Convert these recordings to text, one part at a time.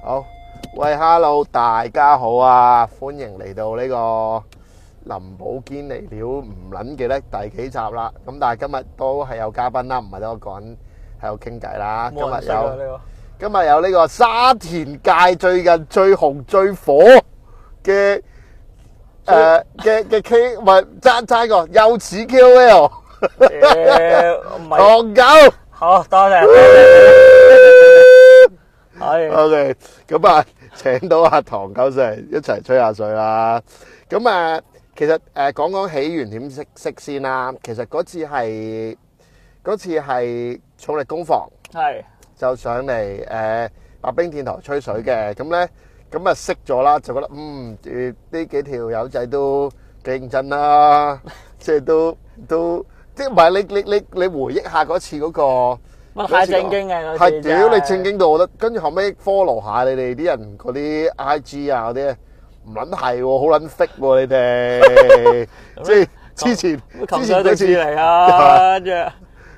好喂，Hello，大家好啊，歡迎嚟到呢個林寶堅嚟料唔捻記得第幾集啦。咁但係今日都係有嘉賓啦，唔係得我個人喺度傾偈啦。今日有今日有呢個沙田界最近最紅最火嘅誒嘅嘅 K，唔係爭爭一個又似 KOL，唐狗。好，多謝。係 ，OK，咁啊，請到阿唐狗成一齊吹下水啦。咁啊，其實誒，講講起源點識識先啦。其實嗰次係嗰次係重力攻防，係就上嚟，誒，白兵電台吹水嘅。咁咧，咁啊識咗啦，就覺得嗯，呢幾條友仔都幾認真啦，啊，即係都都即係唔係？你你你你回憶一下嗰次嗰，那個。太正經嘅，係屌 你正經到，我覺得跟住後尾 follow 下你哋啲人嗰啲 I G 啊，嗰啲唔撚係喎，好撚 fit 喎你哋、啊。即 係之前，瓊瓊之前好似嚟啊，跟住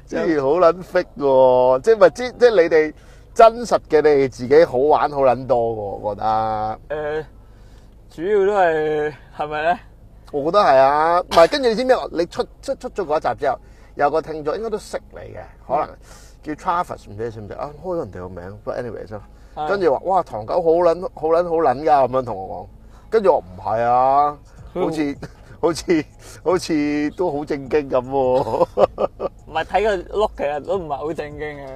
之前好撚 fit 喎，即係咪？即即係你哋真實嘅，你哋自己好玩，好撚多喎。我覺得。誒、呃，主要都係係咪咧？我覺得係啊，唔 係跟住你知唔知？你出出出咗嗰一集之後，有個聽眾應該都識你嘅、嗯，可能。叫 Travis 唔知你識唔識啊？開咗人哋個名，but anyways 啦、yeah.，跟住話哇，唐狗好撚好撚好撚㗎咁樣同我講，跟住我唔係啊，嗯、好似好似好似都好正經咁喎、啊，唔係睇個 look 其實都唔係好正經嘅。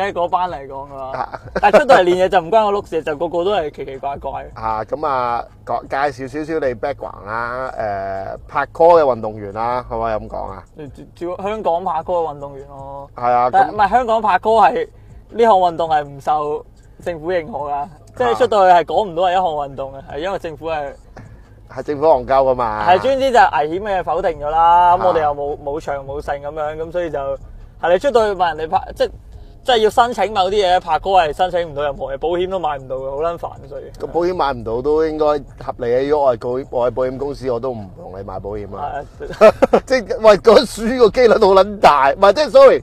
喺嗰班嚟講嘅，但出到嚟練嘢就唔關我碌事， 就個個都係奇奇怪怪。嚇、啊、咁啊，介紹少少你 background 啦。誒、呃、拍拖嘅運動員啦，可唔可以咁講啊？主要香港拍拖嘅運動員咯，係啊，係啊，但唔係香港拍拖係呢項運動係唔受政府認可㗎，即係、啊就是、出去是說不到去係講唔到係一項運動嘅，係因為政府係係政府戇鳩㗎嘛，係專之就危險嘅否定咗啦。咁、啊、我哋又冇冇長冇性咁樣，咁所以就係你出到去問人哋拍即。即係要申請某啲嘢，寶哥係申請唔到任何嘢，保險都買唔到嘅，好撚煩所以。個保險買唔到都應該合理嘅喐，如果我係保險公司，我都唔同你買保險啊。即係喂，嗰輸個機率好撚大，唔係即係 sorry，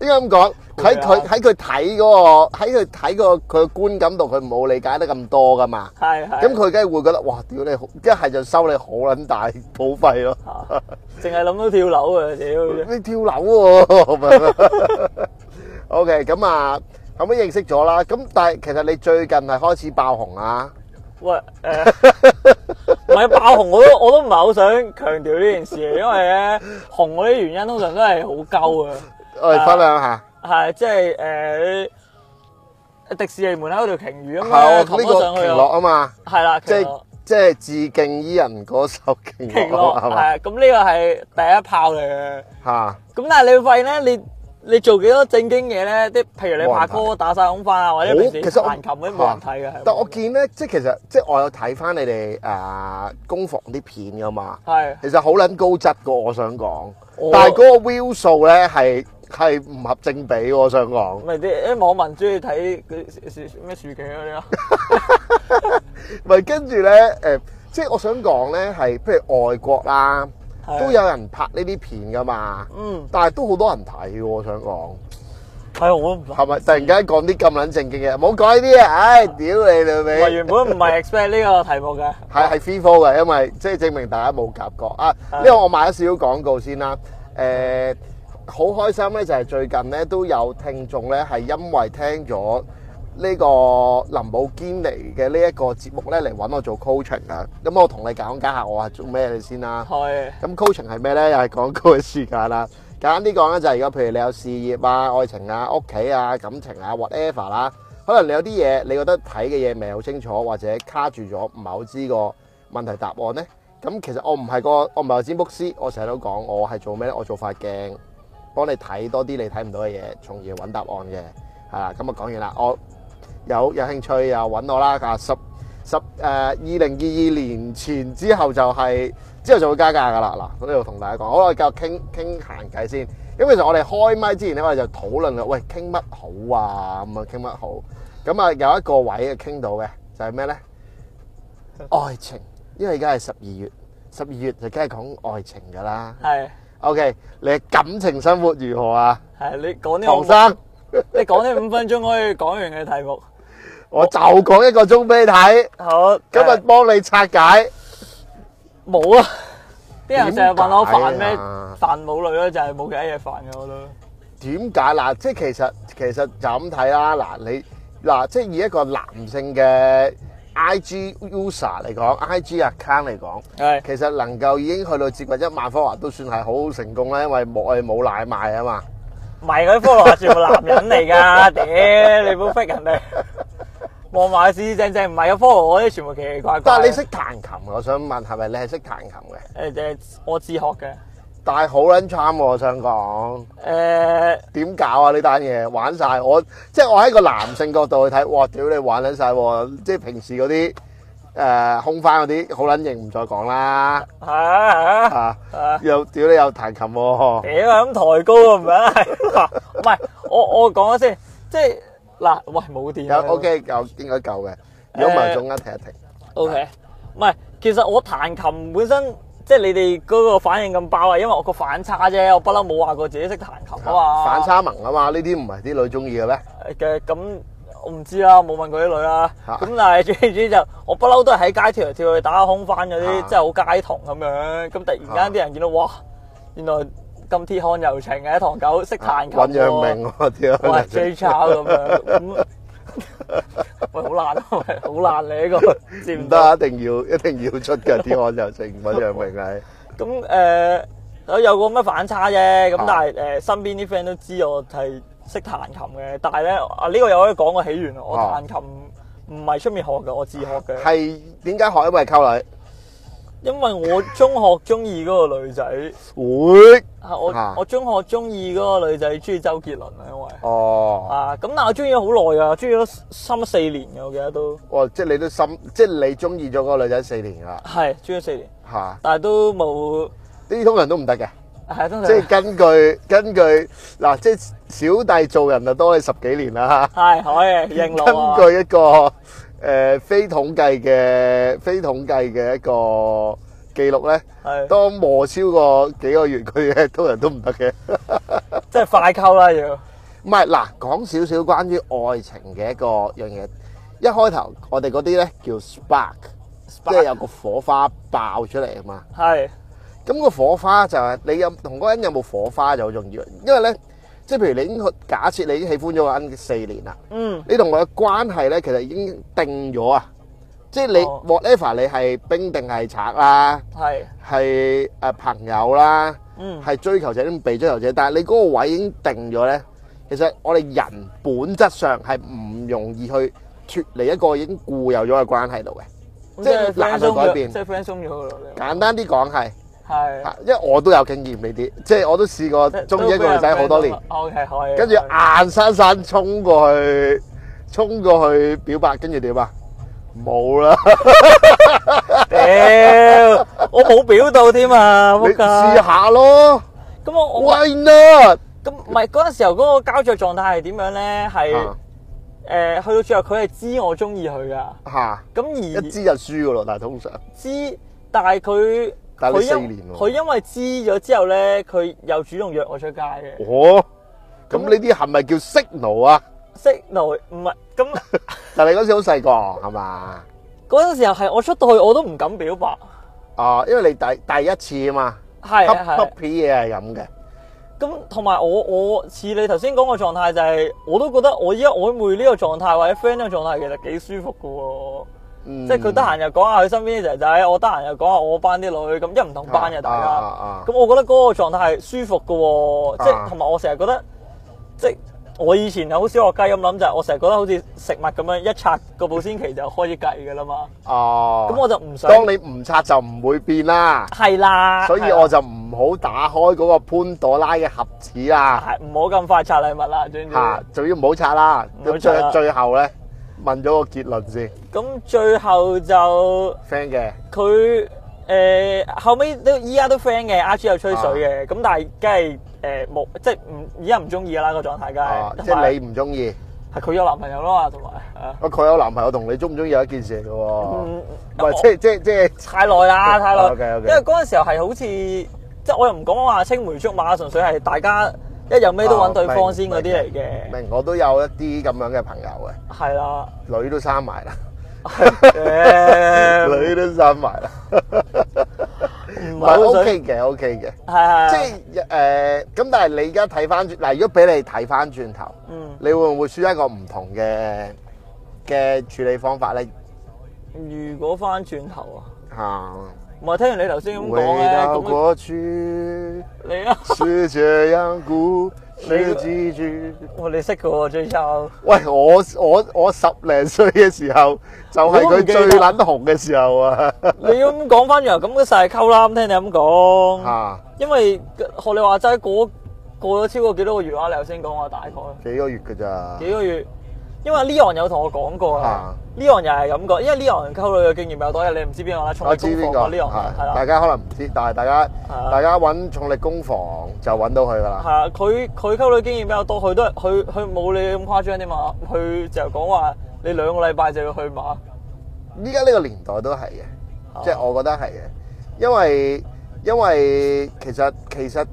應該咁講，喺佢喺佢睇嗰個喺佢睇個佢嘅觀感度，佢冇理解得咁多噶嘛。係係。咁佢梗係會覺得哇，屌你一係就收你好撚大保費咯，淨係諗到跳樓啊！屌你跳樓喎。O K，咁啊，後屘認識咗啦。咁但係其實你最近係開始爆紅啊？喂，誒、呃，唔係爆紅我，我都我都唔係好想強調呢件事因為咧，紅嗰啲原因通常都係好鳩啊。我哋分享下，係、呃、即係誒、呃，迪士尼門口條鯨魚啊、這個、嘛，冚咗上去啊嘛，係啦，即係即係致敬伊人嗰首《鯨落》係嘛，係咁呢個係第一炮嚟嘅。吓。咁但係你會發現呢你。你做幾多正經嘢咧？啲譬如你拍歌、打曬空翻啊，或者平時彈琴嗰啲冇人睇嘅。但係我見咧，即係其實即係我有睇翻你哋誒攻防啲片噶嘛。係。其實好撚高質嘅，我想講。哦。但係嗰個 view 數咧係係唔合正比喎，我想講。咪啲啲網民中意睇嗰啲咩樹劇嗰啲咯。咪跟住咧，誒，即係我想講咧，係譬如外國啦。都有人拍呢啲片噶嘛，嗯、但係都好多人睇喎。我想講，係我係咪突然間講啲咁撚正經嘅？冇講呢啲啊！唉、哎，屌你老味，唔係原本唔係 expect 呢個題目嘅，係係 free 科嘅，因為即係證明大家冇察覺啊。因、這、為、個、我賣咗少少廣告先啦，誒、呃，好開心咧，就係最近咧都有聽眾咧係因為聽咗。呢、呢個林寶堅尼嘅呢一個節目咧，嚟搵我做 coaching 啊！咁我同你講解下我係做咩先啦。係。咁 coaching 係咩咧？又係廣告時間啦。簡單啲講咧，就係如果譬如你有事業啊、愛情啊、屋企啊、感情啊，whatever 啦、啊，可能你有啲嘢，你覺得睇嘅嘢未好清楚，或者卡住咗，唔係好知個問題答案咧。咁其實我唔係、嗰個，我唔係話占卜師，我成日都講我係做咩？我做塊鏡，幫你睇多啲你睇唔到嘅嘢，從而搵答案嘅。係啦，咁啊講完啦，我。有有興趣又揾我啦！啊，十十誒二零二二年前，之後就係，之後就會加價噶啦。嗱，我呢度同大家講，好啦，我哋繼續傾傾閒偈先。咁其實我哋開麥之前咧，我哋就討論啦，喂，傾乜好啊？咁啊，傾乜好？咁啊，有一個位傾到嘅就係咩咧？愛情，因為而家係十二月，十二月就梗係講愛情噶啦。係。O K，你感情生活如何啊？係你講啲唐生，你講啲五分鐘可以講完嘅題目。我就講一個鐘俾你睇，好，今日幫你拆解，冇啊，啲人成日問我煩咩，煩冇女咯，就係冇其他嘢煩嘅我都。點解嗱？即係其實其實就咁睇啦，嗱你嗱即係以一個男性嘅 I G user 嚟講，I G account 嚟講，係，其實能夠已經去到接近一萬 follower 都算係好成功啦，因為冇係冇奶賣啊嘛。唔係嗰啲 follower 全部男人嚟噶，屌你唔好逼人哋。望埋係斯斯正正，唔係啊！科學嗰啲全部奇奇怪怪。但係你識彈琴，我想問，係咪你係識彈琴嘅？誒誒，我自學嘅。但係好撚慘，我想講。誒，點搞啊呢單嘢？玩晒我，即係我喺個男性角度去睇，哇！屌你玩撚晒，即係平時嗰啲誒空翻嗰啲，好撚型，唔再講啦。係啊係啊。啊！又屌你又彈琴喎！屌咁抬高啊，唔係？唔係我我講咗先，即係。嗱，喂，冇電。有 OK，夠應該夠嘅。如果唔係，中間停一停。OK，唔係，其實我彈琴本身，即係你哋嗰個反應咁爆啊，因為我個反差啫，我不嬲冇話過自己識彈琴啊嘛。反差萌啊嘛，呢啲唔係啲女中意嘅咩？誒，咁我唔知啦，冇問過啲女啦。咁但係最主要就，我不嬲都係喺街跳嚟跳去，打下空翻嗰啲，即係好街童咁樣。咁突然間啲人見到，哇！原來。咁鐵漢柔情嘅唐狗識彈琴喎，尹、揚、明我屌，哇 Jay Chou 咁樣。喂好難，喂好難你呢個，唔、嗯、得、嗯嗯，一定要一定要出嘅鐵漢柔情尹揚 明係。咁誒，我、呃、有個乜反差啫？咁但係、啊、身邊啲 friend 都知我係識彈琴嘅，但係咧啊呢、呢個又可以講個起源，我彈琴唔係出面學嘅，我自學嘅。係點解學？因為靠女。因為我中學中意嗰個女仔，會啊我我中學中意嗰個女仔中意周杰倫啊，因為，因為哦啊咁但我中意咗好耐噶，中意咗三四年嘅我記得都哦即係你都深即係你中意咗嗰個女仔四年噶啦，係中意咗四年吓，啊，但係都冇呢啲通常都唔得嘅，係通常即係根據 根據嗱即係小弟做人就多你十幾年啦吓，係可以應，根據一個。啊誒非統計嘅非統計嘅一個記錄咧，當磨超過幾個月，佢嘅通常都唔得嘅，即係快溝啦要。唔係嗱，講少少關於愛情嘅一個樣嘢，一開頭我哋嗰啲咧叫 Spark，即係有個火花爆出嚟啊嘛。係。咁個火花就係你有同嗰個人有冇火花就好重要，因為咧。即係譬如你已經假設你已經喜歡咗個 N 四年啦，你同佢嘅關係咧其實已經定咗啊！即係你 whatever 你係兵定係賊啦，係係誒朋友啦，係追求者定被追求者，但係你嗰個位已經定咗咧。其實我哋人本質上係唔容易去脫離一個已經固有咗嘅關係度嘅，即係難去改變。即係 friend 鬆咗好多。簡單啲講係。係，因為我都有經驗呢啲，即係我都試過中意一個女仔好多年。OK，可以。跟住硬生生衝過去，衝過去表白，跟住點啊？冇啦！屌， 我冇表到添啊！你試下咯。咁我 Why not？咁唔係嗰陣時候嗰個膠著狀態係點樣咧？係誒、啊，去到最後佢係知我中意佢噶。吓、啊，咁而一知就輸噶咯，但係通常知，但係佢。佢因佢因為知咗之後咧，佢又主動約我出街嘅。哦，咁呢啲係咪叫 signal 啊？signal 唔係咁。那 但係嗰時好細個，係嘛？嗰陣時候係我出到去，我都唔敢表白。啊，因為你第第一次啊嘛。係係。happy 嘢係咁嘅。咁同埋我我似你頭先講個狀態，就係我都覺得我依家曖昧呢個狀態或者 friend 呢個狀態，其實幾舒服噶喎。嗯、即係佢得閒又講下佢身邊啲仔仔，我得閒又講下我班啲女，咁一唔同班嘅大家，咁、啊啊、我覺得嗰個狀態係舒服嘅，即係同埋我成日覺得，即係我以前好少學雞咁諗就，我成日覺得好似食物咁樣一拆嗰保鮮期就開始計嘅啦嘛。哦、啊，咁我就唔想。當你唔拆就唔會變啦。係啦。所以我就唔好打開嗰個潘朵拉嘅盒子的不要麼啊。唔好咁快拆禮物啦，張姐。吓，就要唔好拆啦，最最後咧。問咗個結論先，咁最後就 friend 嘅，佢誒、呃、後尾都依家都 friend 嘅，阿 g 又吹水嘅，咁、啊、但係梗係誒冇，即係唔依家唔中意啦個狀態，梗、啊、即係你唔中意，係佢有,有男朋友囉。同埋，啊佢有男朋友同你中唔中意有一件事㗎喎，唔係即係即係即係太耐啦，太耐、 okay, okay，因為嗰陣時候係好似即係我又唔講話青梅竹馬純粹係大家。一有咩都揾對方先嗰啲嚟嘅，明，明我都有一啲咁樣嘅朋友嘅，係啦，女都生埋啦， 女都生埋啦，唔 係 OK 嘅，OK 嘅，係係，即係誒，咁、呃、但係你而家睇翻轉嗱，如果俾你睇翻轉頭，嗯，你會唔會選一個唔同嘅嘅處理方法咧？如果翻轉頭啊，啊我聽完你頭先咁講過去你啊，是這樣固執己見。我 你識噶喎，最臭。喂，我我我十零歲嘅時候就係、是、佢最捻紅嘅時候啊！ 你要咁講翻又咁嘅晒溝啦，唔聽你咁講。啊，因為學你話齋，過過咗超過幾多個月啊？你頭先講話，大概幾個月噶咋？幾個月？因為呢、啊、樣有同我講過 Leon 又係咁講，因為 Leon 溝女嘅經驗比較多，你唔知邊個咧？重力攻防我知邊個，Leon 係啦，大家可能唔知，但係大家係、啊、大家揾重力攻防就揾到佢噶啦。係啊，佢佢溝女經驗比較多，佢都佢佢冇你咁誇張啲嘛，佢就講話你兩個禮拜就要去馬。依家呢個年代都係嘅，即係、啊就係、我覺得係嘅，因為因為其實其實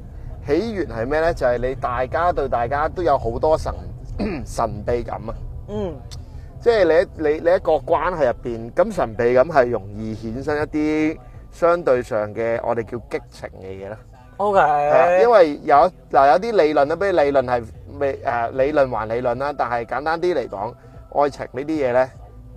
起源係咩咧？就係、係、你大家對大家都有好多神 神秘感啊！嗯，即係你你你一個關係入邊咁神秘咁，係容易衍生一啲相對上嘅我哋叫激情嘅嘢咧。O K，因為有嗱有啲理論啦，比如理論係未誒，理論還理論啦。但係簡單啲嚟講，愛情呢啲嘢咧，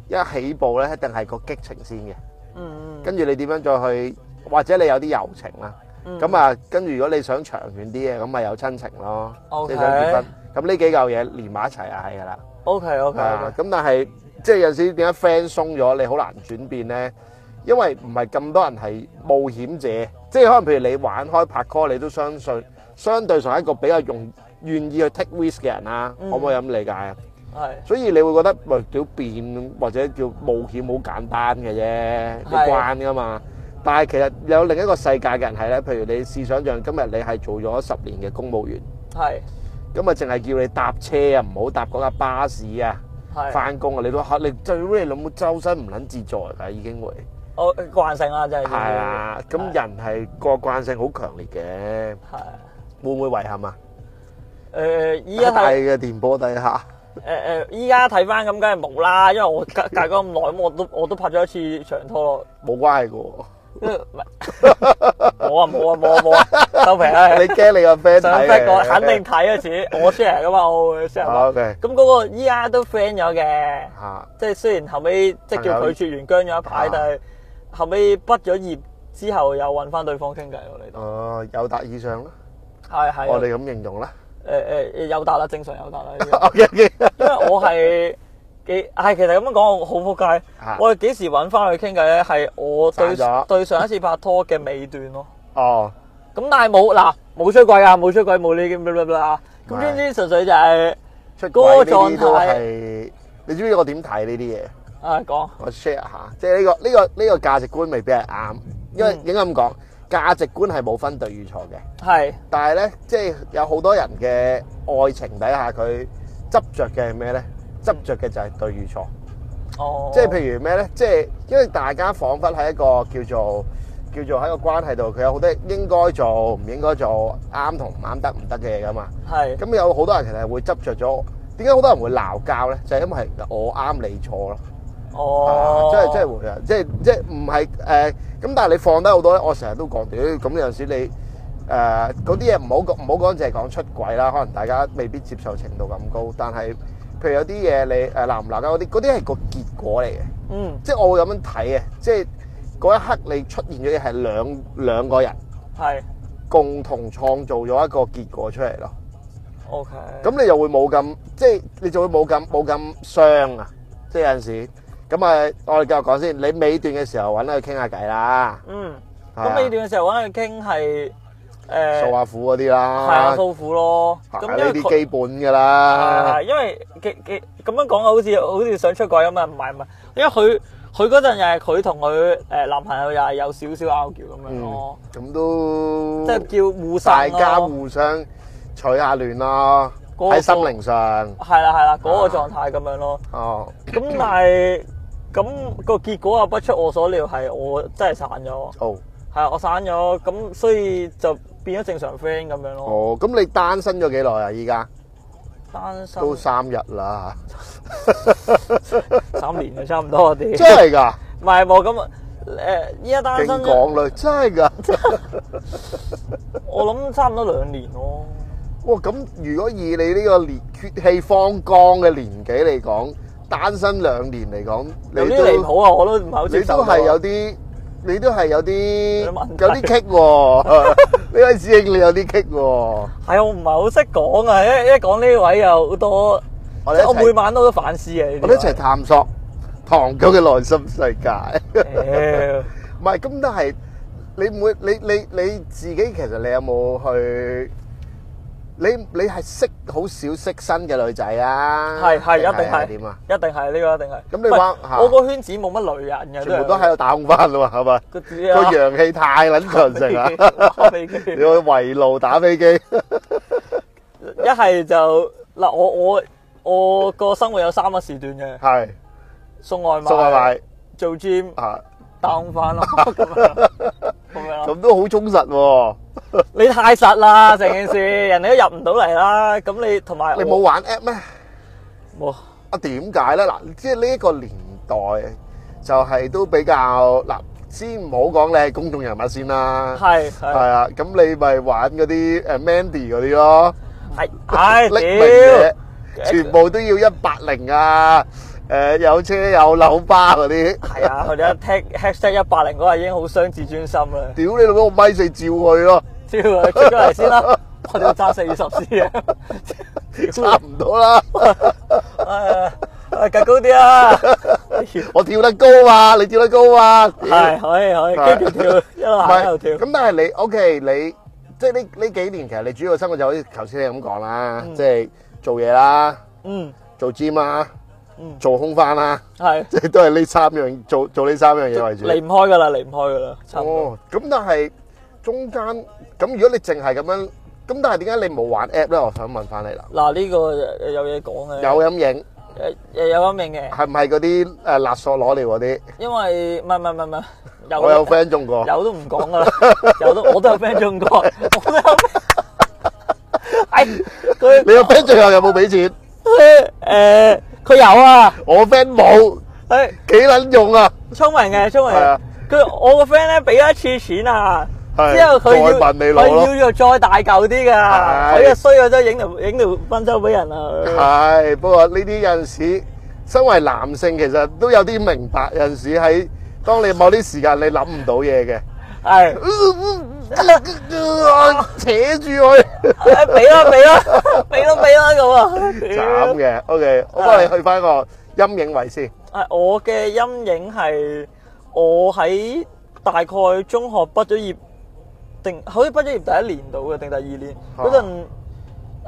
一起步咧一定係個激情先嘅。嗯，跟住你點樣再去，或者你有啲友情啦。嗯，咁啊，跟住如果你想長遠啲嘅，咁咪有親情咯。O K，你想結婚咁呢幾嚿嘢連埋一齊係噶啦。O K O K，咁但係即係有陣時點解 friend 鬆咗，你好難轉變咧？因為唔係咁多人係冒險者，即係可能譬如你玩開拍拖，你都相信，相對上係一個比較容易願意去 take risk 嘅人啦，可唔可以咁理解啊？係，所以你會覺得喂叫變或者叫冒險好簡單嘅啫，你慣噶嘛？但係其實有另一個世界嘅人係咧，譬如你試想像今日你係做咗十年嘅公務員，係。咁咪淨係叫你搭車啊，唔好搭嗰架巴士啊，翻工啊，你都吓你，最尾諗到周身唔撚自在噶，已經會哦慣性啦，真係係啊，咁人係個慣性好強烈嘅，係會唔會遺憾啊？誒、呃，依家大嘅電波底下，誒誒，依家睇翻咁，梗係冇啦，因為我隔隔咗咁耐，咁我都我都拍咗一次長拖咯，冇關係噶。唔 係、 oh, okay. ER，啊冇啊冇啊冇啊收皮啊！你驚你個 friend 睇嘅？肯定睇啊！自我 share 㗎嘛，我會 share。好 OK 咁嗰個依家都 friend 咗嘅，即係雖然後尾，即係叫佢住完僵咗一排、啊，但係後尾畢咗業之後又搵翻對方傾偈喎，你都。哦，有答以上咯，係係，我哋咁形容啦。誒、欸、誒、欸，有答啦，正常有答啦。 Okay . 因為我係。幾係，其實咁樣講我好扑街。我哋幾時搵翻去傾偈咧？係我對對上一次拍拖嘅尾段咯。哦。咁但係冇嗱冇出軌啊，冇出軌，冇呢啲咁啦啦啦。咁知唔知純粹就係出軌嘅狀態係。你知唔知我點睇呢啲嘢？啊，講。我 share 下，即係呢個呢個呢個價值觀未必係啱，因為應該咁講，價值觀係冇分對與錯嘅。係。但係咧，即係有好多人嘅愛情底下，佢執着嘅係咩咧？執著嘅就係對與錯，即係譬如咩咧？即係因為大家彷彿喺一個叫做叫做喺個關係度，佢有好多應該做唔應該做啱同唔啱得唔得嘅嘢噶嘛。係咁有好多人其實係會執著咗，點解好多人會鬧交咧？就係因為我啱你錯咯。哦，即係即係會啊！即係即係唔係誒咁？但係你放低好多咧，我成日都講屌咁有時你誒嗰啲嘢唔好講唔好講，淨係講出軌啦，可能大家未必接受程度咁高，但係。譬如有啲嘢你誒鬧唔鬧交嗰啲，嗰啲係個結果嚟嘅。嗯，即係我會咁樣睇嘅，即係嗰一刻你出現咗嘢係兩兩個人係共同創造咗一個結果出嚟咯。OK。咁你又會冇咁，即係你就會冇咁冇咁傷啊！即係有陣時咁啊，我哋繼續講先。你尾段嘅時候搵佢傾下偈啦。嗯，咁尾段嘅時候搵佢傾係。誒、欸，訴下苦嗰啲啦，係啊，訴苦咯。咁呢啲基本噶啦。係係，因為咁樣講好似好似想出軌咁嘛，唔係唔係，因為佢佢嗰陣又係佢同佢誒男朋友又係有少少拗撬咁樣咯。咁、嗯、都即係叫互大家互相取下暖啦。喺心靈上係啦係啦，嗰、那個狀態咁樣咯。哦、啊，咁但係咁、那個結果啊，不出我所料，係我真係散咗。哦，係我散咗，咁所以就。變咗正常 friend 咁樣咯。哦，咁你單身咗幾耐啊？依家單身都三日啦，三年啊，差唔多啲。真係噶唔係喎，咁誒，依家單身。點講咧？真係噶。我諗差唔多兩年咯。哇，咁如果以你呢個血氣方剛嘅年紀嚟講，單身兩年嚟講，你啲離譜啊，我都唔係好接受。你都係有啲。你都係有啲有啲棘喎，呢位師兄你有啲棘喎。係啊，我唔係好識講啊，一一講呢位有好多，即係我每晚我都反思嘅。我哋一齊探索唐狗嘅內心世界。唔係，咁都係你每你你你自己其實你有冇去？你你係識好少識新嘅女仔啊？係係一定係點啊？一定係呢個一定係。咁你話我個圈子冇乜女人嘅，全部都喺度打五飯咯喎，係咪？個陽氣太撚強盛啊！打飛機，你去圍爐打飛機。一係就嗱，我我我個生活有三個時段嘅。係送外賣，送外賣，做 gym，打五飯咯。咁都好充實喎！你太實啦，成件事，人哋都入唔到嚟啦。咁你同埋，你冇玩 app 咩？冇啊？點解咧？嗱，即係呢一個年代就係都比較嗱，先唔好講你係公眾人物先啦。係係啊，咁你咪玩嗰啲誒 Mandy 嗰啲咯。係係屌，全部都要一百零啊！誒，有車有樓巴嗰啲係啊！佢哋一踢踢踢一百零嗰個已經好傷自尊心啦。屌你老母，我米四照佢咯，跳出嚟先啦！我哋揸四十四啊，差唔多啦。誒，格高啲啊！我跳得高啊，你跳得高啊？係可以可以，一路跳一路跳。咁但係你 OK，你即係呢呢幾年其實你主要嘅生活就好似頭先你咁講啦，即係做嘢啦，嗯，做 gym 啦。做空翻啦，係即係都係呢三樣做，做呢三樣嘢為主，離唔開噶啦，離唔開噶啦。哦，咁但係中間咁，如果你淨係咁樣，咁但係點解你冇玩 app 咧？我想問翻你啦。嗱，呢個有嘢講嘅，有陰影。誒誒，有陰影嘅係唔係嗰啲誒勒索攞嚟嗰啲？因為唔係唔係唔係唔係，我有 friend 中過，有都唔講噶啦，有都我都有 friend 中過，你有 friend 最後有冇俾錢？誒。佢有啊，我 friend 冇，誒，幾撚用啊？聰明嘅，聰明。佢我個 friend 咧俾一次錢啊，之後佢要，要又再大嚿啲噶，佢又衰咗都影條影條婚紗俾人啊。係，不過呢啲有陣時，身為男性其實都有啲明白，有陣時喺當你某啲時間你諗唔到嘢嘅。係，扯住佢，俾啦俾啦，俾啦俾啦咁啊！斬嘅，OK，我幫你去翻個陰影位先。係我嘅陰影係我喺大概中學畢咗業，定好似畢咗業第一年度嘅，定第二年嗰陣，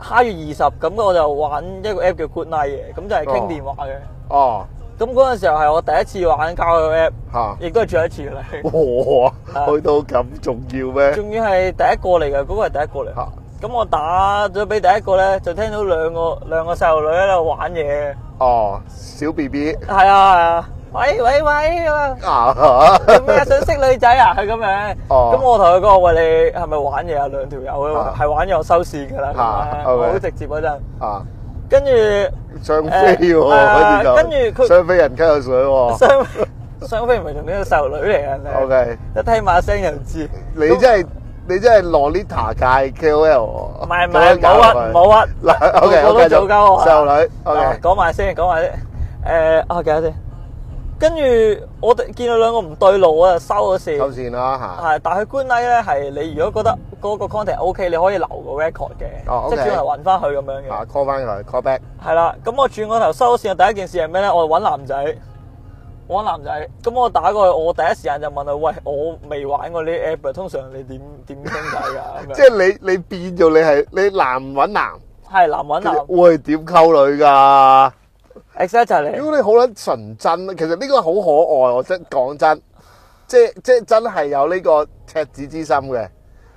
下月二十咁，我就玩一個 app 叫 Good Night 咁，就係傾電話嘅。哦。咁嗰個時候係我第一次玩交友 app，亦都係最後一次嘅啦。哇，去到咁重要咩？仲要係第一個嚟嘅，嗰個係第一個嚟。咁我打咗俾第一個咧，就聽到兩個兩個細路女喺度玩嘢。哦，小 BB。係啊係啊，喂喂喂，做咩想識女仔啊？係咁樣。哦。咁我同佢講，我話你係咪玩嘢啊？兩條友係玩嘢我收線噶啦，好直接嗰陣。啊。跟住。雙飛喎，跟住佢雙飛人溝有水喎，雙雙飛唔係同你個細路女嚟噶，O K，一聽馬聲又知，你真係你真係 Lolita 界 KOL，唔係唔係，冇屈冇屈，嗱 O K，繼續，細路女，O K，講埋先，講埋先，誒，好嘅，先。跟住我哋見到兩個唔對路，我就收咗線。收線啦嚇。係，但係去觀禮咧，係你如果覺得嗰個 contact OK，你可以留個 record 嘅，即係轉頭揾翻佢咁樣嘅。call 翻佢，call back。係啦，咁我轉個頭收咗線，第一件事係咩咧？我揾男仔，我揾男仔。咁我打過去，我第一時間就問佢：喂，我未玩過呢 app 啊，通常你點點傾偈㗎？即係你你變咗你係你男揾男，係男揾男，喂，點溝女㗎？excuse 你，如果你好捻純真，其實呢個好可愛，我真講真，即係即係真係有呢個赤子之心嘅。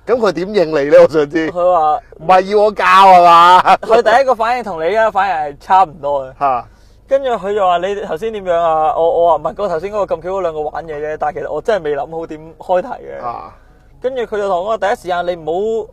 咁佢點應你咧？我想知。佢話：唔係要我教啊嘛？佢第一個反應同你嘅反應係差唔多嘅。嚇！跟住佢就話：你頭先點樣啊？我，我話唔係，我頭先嗰個咁巧嗰兩個玩嘢啫。但係其實我真係未諗好點開題嘅。跟住佢就同我第一時間，你唔好。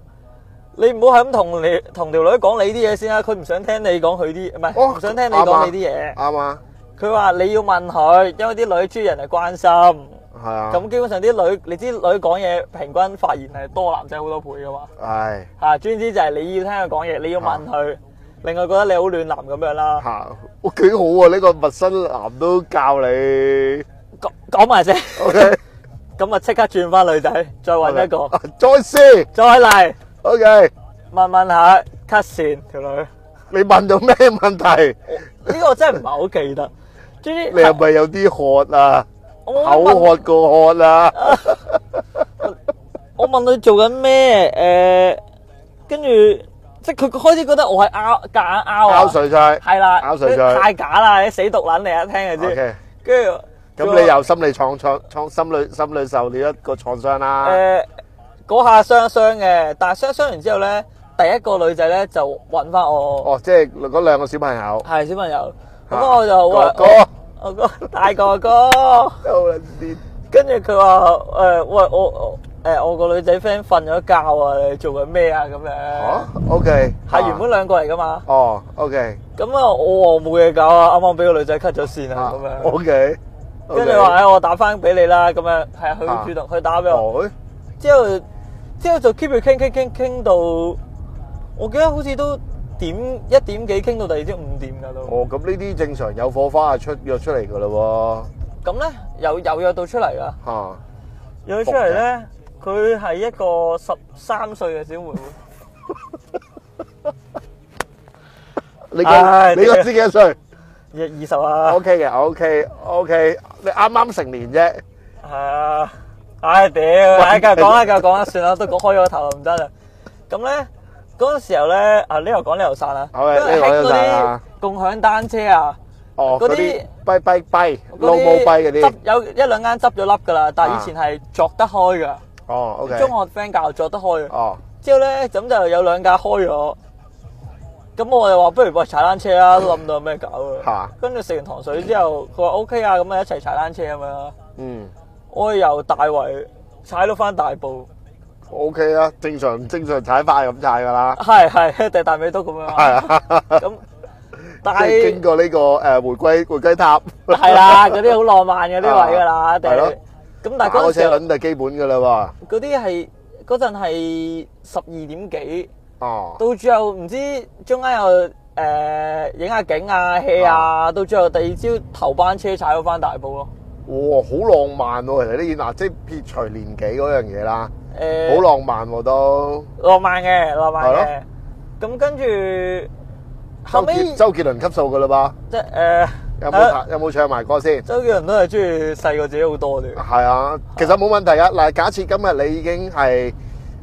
你唔好係咁同你同條女講你啲嘢先啦！佢唔想聽你講佢啲，唔係我唔想聽你講你啲嘢。啱嘛？佢話你要問佢，因為啲女中意人嚟關心係啊。咁基本上啲女，你知女講嘢平均發言係多男仔好多倍噶嘛？係吓，總之就係你要聽佢講嘢，你要問佢，令佢覺得你好暖男咁樣啦。吓，我幾好啊！呢個陌生男都教你講講埋先。OK，咁啊，即刻轉翻女仔，再搵一個，再試，再嚟。O K，問問下 cut 線條女，你問咗咩問題？呢個我真係唔係好記得。你係咪有啲渴啊？口渴過渴啊？我問佢做緊咩？誒，跟住即係佢開始覺得我係拗夾硬拗啊！拗碎碎係啦，拗碎碎太假啦！你死毒撚你啊！一聽嘅啫，跟住咁你又心理創傷，創傷心理心理受你一個創傷啦。嗰下雙雙嘅，但係雙雙完之後咧，第一個女仔咧就搵返我。哦，即係嗰兩個小朋友。係小朋友，咁我就話：我個大哥哥。高人先。跟住佢話：誒，喂，我誒我個女仔 friend 瞓咗覺啊，你做緊咩啊？咁樣。嚇？OK。係原本兩個嚟噶嘛？哦，OK。咁啊，我冇嘢搞啊，啱啱俾個女仔 cut 咗線啊，咁樣。OK。跟住你話：誒，我打返俾你啦，咁樣。係啊，佢主動，佢打俾我。之後。.之後就 keep 住傾傾傾傾到，我記得好似都點一點幾傾到第二朝五點噶都。哦，咁呢啲正常有火花出約出嚟噶啦喎。咁咧，又又約到出嚟啦。吓，約出嚟咧，佢係一個十三歲嘅小妹妹。你你個知幾多歲？二二十啊。O K 嘅，O K O K，你啱啱成年啫。係啊。唉屌！唔該，講下，夠講下，算啦，都講開咗個頭啦，唔得啦。咁咧嗰個時候咧啊，呢度講呢度散啦。好啊，呢頭都散啦。共享單車啊，嗰啲閉閉閉，路冇閉嗰啲。執有一兩間執咗粒噶啦，但係以前係鑿得開噶。哦，O K。中學 friend 教鑿得開嘅。哦。之後咧咁就有兩架開咗，咁我就話不如喂踩單車啦，都諗到有咩搞啦。吓。跟住食完糖水之後，佢話 O K 啊，咁啊一齊踩單車咁樣。嗯。我由大圍踩到翻大埔，O K 啦，正常正常踩快咁踩噶啦，係係，第大尾都咁樣，係啊，咁。即係經過呢個誒回歸回歸塔，係啦，嗰啲好浪漫嘅呢位噶啦，係咯。咁但係大車輪就基本噶啦喎。嗰啲係嗰陣係十二點幾哦，到最後唔知中間又誒影下景啊，hea 啊，到最後第二朝頭班車踩到翻大埔咯。哇，好浪漫喎！其實呢啲嗱，即係撇除年紀嗰樣嘢啦，好、呃、浪漫喎、啊、都。浪漫嘅，浪漫嘅。咁跟住後尾，周杰倫級數㗎喇噃。即係誒、呃，有冇有冇、呃、唱埋歌先？周杰倫都係中意細個自己好多啲，係啊，其實冇問題啊！嗱，假設今日你已經係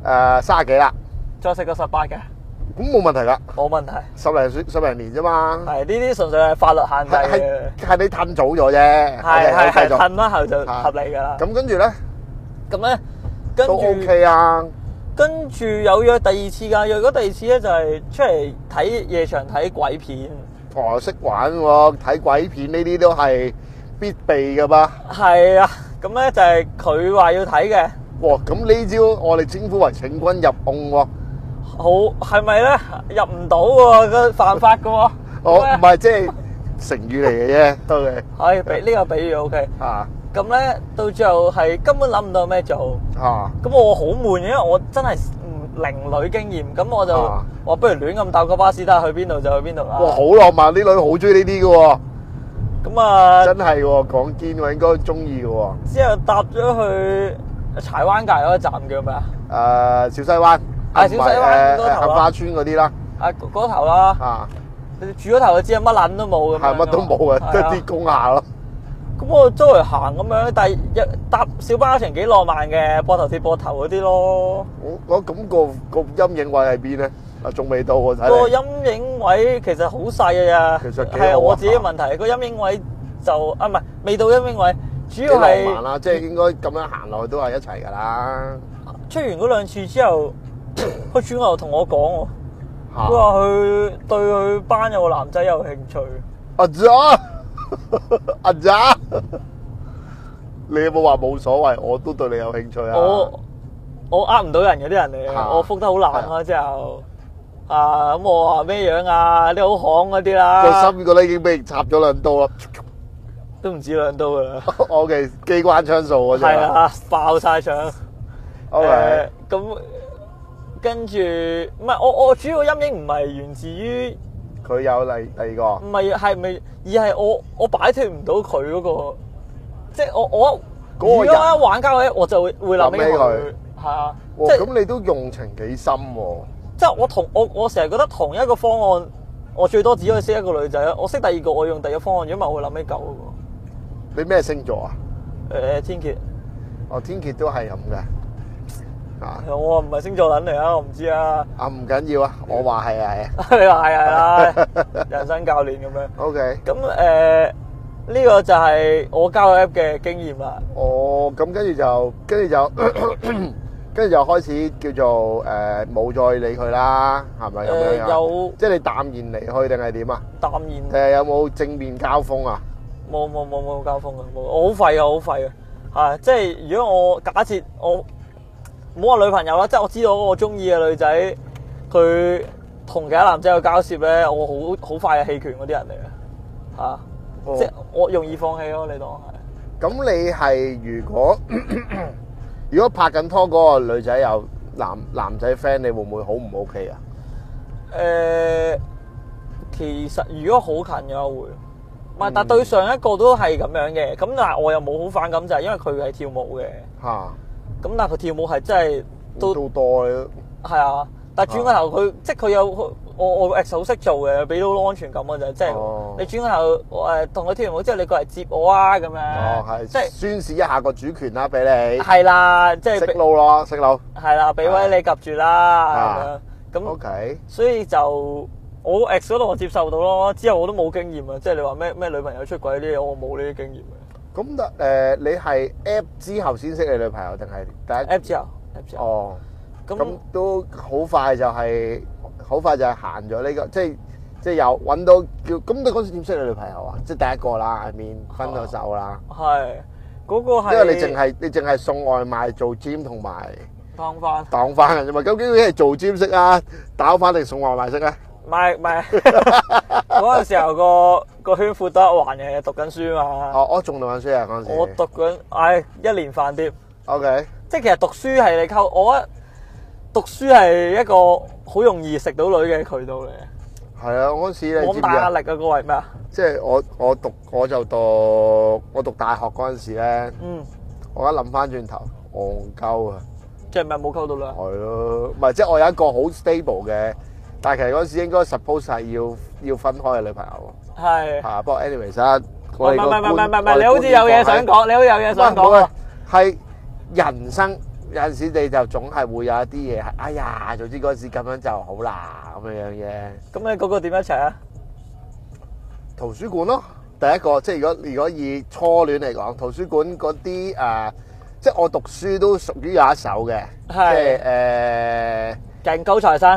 誒卅幾啦，再、呃、食個十八嘅。咁冇問題噶，冇問題，十零歲十零年啫嘛。係呢啲純粹係法律限制嘅，係你褪早咗啫。係係係褪翻後就合理噶啦。咁跟住咧，咁咧跟都 OK 啊。跟住有約第二次噶，約咗第二次咧就係出嚟睇夜場睇鬼片。我又識玩喎、啊，睇鬼片呢啲都係必備噶嘛。係啊，咁咧、啊、就係佢話要睇嘅。哇、哦，咁呢招我哋稱呼為請君入瓮喎、啊。好係咪咧？入唔到喎，犯法噶喎！我唔係即係成語嚟嘅啫，多謝。唉，比呢個比喻 OK。啊。咁咧，到最後係根本諗唔到咩做。啊。咁我好悶嘅，因為我真係零女經驗，咁我就話不如亂咁搭個巴士，睇下去邊度就去邊度啦。哇！好浪漫，啲女好中意呢啲嘅。咁啊。真係喎，講堅喎，應該中意嘅喎。之後搭咗去柴灣界嗰個站叫咩啊？誒，小西灣。啊！小西灣嗰頭啦，杏花村嗰啲啦，啊嗰頭啦，啊，啊，啊，啊、那個、啊你住嗰頭就知乜撚都冇嘅，係、啊、乜都冇嘅，得啲、啊、公廈咯。咁我周圍行咁樣，但一搭小巴一程幾浪漫嘅，膊頭貼膊頭嗰啲咯。我我咁個個陰影位喺邊咧？啊，仲未到我睇。個陰影位其實好細啊，其實係、啊、我自己問題。個、啊、陰影位就啊，唔係未到陰影位，主要係浪漫啦，即、就、係、是、應該咁樣行落去都係一齊噶啦。出完嗰兩次之後。佢轉頭同我講，佢話佢對佢班有個男仔有興趣。阿仔，阿仔，你有冇話冇所謂？我都對你有興趣啊！我我呃唔到人嘅啲人嚟，我復得好難啊！之後啊，咁我話咩樣啊？你好巷嗰啲啦，個心嗰啲已經俾人插咗兩刀啦，都唔止兩刀啊！O K，機關槍數啊，真係啊，爆晒場。O K，咁。跟住，唔係我我主要嘅陰影唔係源自於佢有第第二個，唔係係咪？而係我我擺脫唔到佢嗰個，即係我我如果一玩交咧，我就會會諗起佢係啊。即係咁，你都用情幾深？即係我同我我成日覺得同一個方案，我最多只可以識一個女仔，我識第二個，我用第二個方案，如果唔係，我會諗起舊嗰個。你咩星座啊？誒，天蠍。哦，天蠍都係咁嘅。啊！我唔係星座佬嚟啊，我唔知啊。啊，唔緊要啊，我話係啊係。你話係係啊，人生教練咁樣。O K。咁誒，呢個就係我交個 app 嘅經驗啦。哦，咁跟住就，跟住就，跟住就開始叫做誒，冇再理佢啦，係咪咁樣啊？有。即係你淡然離開定係點啊？淡然。誒，有冇正面交鋒啊？冇冇冇冇交鋒啊！我好廢噶，好廢噶。吓，即係如果我假設我。唔好話女朋友啦，即係我知道我中意嘅女仔，佢同其他男仔有交涉咧，我好好快就棄權嗰啲人嚟嘅，吓，即係我容易放棄咯，你當係。咁你係如果如果拍緊拖嗰個女仔有男男仔 friend，你會唔會好唔 OK 啊？誒，其實如果好近嘅話會，唔係，但對上一個都係咁樣嘅，咁但係我又冇好反感就係因為佢係跳舞嘅，吓。咁但係佢跳舞係真係都做多，係啊！但係轉個頭佢即係佢有我我 ex 好識做嘅，俾到安全感嘅就即係，你轉個頭我誒同佢跳完舞之後你過嚟接我啊咁樣，即係宣示一下個主權啦俾你。係啦，即係識路咯，識路。係啦，俾位你夾住啦，咁。OK。所以就我 ex 嗰度我接受到咯，之後我都冇經驗啊，即係你話咩咩女朋友出軌啲嘢，我冇呢啲經驗。咁得誒？你係 App 之後先識你女朋友定係第一？App 之後，App 之後，哦，咁咁都好快就係好快就係行咗呢個，即係即係有揾到叫。咁你嗰時點識你女朋友啊？即係第一個啦，I mean 分咗手啦。係嗰個係因為你淨係你淨係送外賣做 gym 同埋當返當返嘅啫嘛。咁究竟你係做 gym 識啊，打返定送外賣識啊？咪咪嗰陣時候個個圈闊都得還嘅，讀緊書嘛。哦，我仲讀緊書啊，嗰陣時。我讀緊，唉、哎，一年飯店。OK，即係其實讀書係你溝，我讀書係一個好容易食到女嘅渠道嚟。係啊，嗰陣時咧。冇大壓力啊，嗰個係咩啊？即係我我讀我就讀我讀大學嗰陣時咧。嗯。我一諗翻轉頭，戇鳩啊！即係咪冇溝到女啊？係咯，唔係即係我有一個好 stable 嘅。但其實嗰時應該 suppose 係要要分開嘅女朋友，係嚇。不過 anyways，我唔唔唔唔唔，你好似有嘢想講，你好似有嘢想講啊，係人生有陣時，你就總係會有一啲嘢，哎呀，早知嗰時咁樣就好啦，咁樣樣樣啫。咁你嗰個點一齊啊？圖書館咯，第一個即係如果如果以初戀嚟講，圖書館嗰啲，誒，即係我讀書都屬於有一手嘅，即係誒、呃、勁高材生。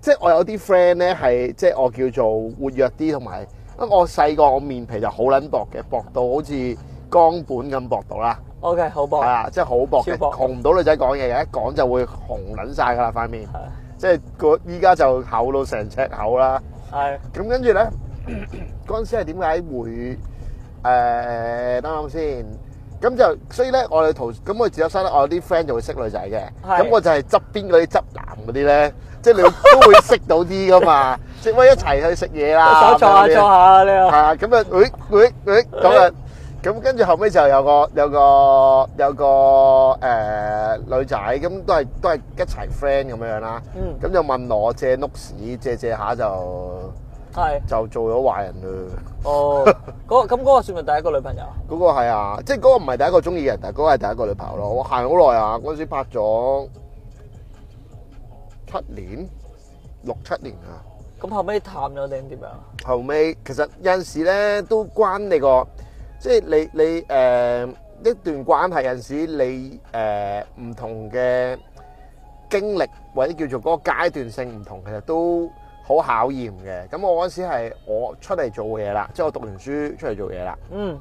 即係我有啲 friend 咧，係即係我叫做活躍啲，同埋我細個我面皮就好撚薄嘅，薄到好似岡本咁薄到啦。O.K. 好薄，啊，即係好薄嘅，傾唔到女仔講嘢嘅，一講就會紅撚曬噶啦，塊面。即係個依家就厚到成尺厚啦。咁跟住咧，嗰陣咳咳時係點解會誒等諗先，咁就所以咧，我哋同咁我自修生咧，我有啲 friend 就會識女仔嘅，咁我就係側邊嗰啲側男嗰啲咧。即係你都會識到啲噶嘛？即係可以我一齊去食嘢啦，坐下坐下你。係啊，咁啊，喂喂喂咁啊，咁跟住後尾就有個有個有個誒女仔，咁都係都係一齊 friend 咁樣樣啦。嗯，咁就問我借 note，借借下就係就做咗壞人啦。哦，嗰個咁嗰個算咪第一個女朋友？嗰個係啊，即係嗰個唔係第一個中意嘅人，但嗰個係第一個女朋友咯。我行好耐啊，嗰陣時拍咗。七年，六七年啊！咁、嗯、後屘淡咗定點樣？後屘其實有陣時咧都關你個，即係你你誒一段關係有陣時你誒唔同嘅經歷，或者叫做嗰個階段性唔同，其實都好考驗嘅。咁我嗰時係我出嚟做嘢啦，即係我讀完書出嚟做嘢啦。嗯。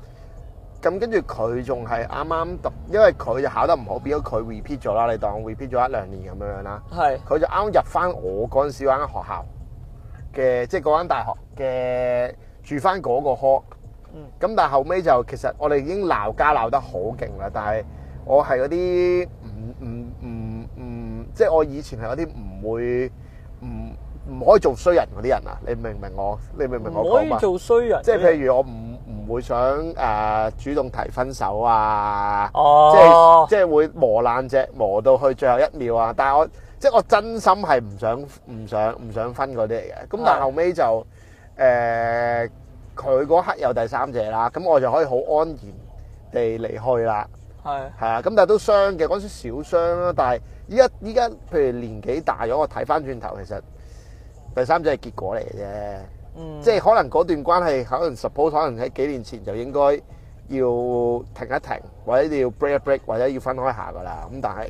咁跟住佢仲係啱啱讀，因為佢就考得唔好，畀咗佢 repeat 咗啦。你當我 repeat 咗一兩年咁樣樣啦。佢就啱入翻我嗰陣時嗰、那個、學校嘅，即係嗰間大學嘅住翻嗰個科。咁、嗯、但係後尾就其實我哋已經鬧家鬧得好勁啦。但係我係嗰啲唔唔唔唔，即係我以前係嗰啲唔會唔唔、嗯嗯嗯嗯嗯嗯、可以做衰人嗰啲人啊。你明唔明我？你明唔明我我唔可以做衰人，人，人，人。即係譬如我唔。會想誒主動提分手啊，即係即係會磨爛只磨到去最後一秒啊！但係我即係我真心係唔想唔想唔想分嗰啲嚟嘅，咁但係後尾就誒佢嗰刻有第三者啦，咁我就可以好安然地離開啦。係係啊，咁但係都傷嘅，嗰時少傷啦，但係依家依家譬如年紀大咗，我睇翻轉頭，其實第三者係結果嚟嘅啫。嗯，即係可能嗰段關係，可能 suppose，可能喺幾年前就應該要停一停，或者你要 break a break，或者要分開下噶啦。咁但係，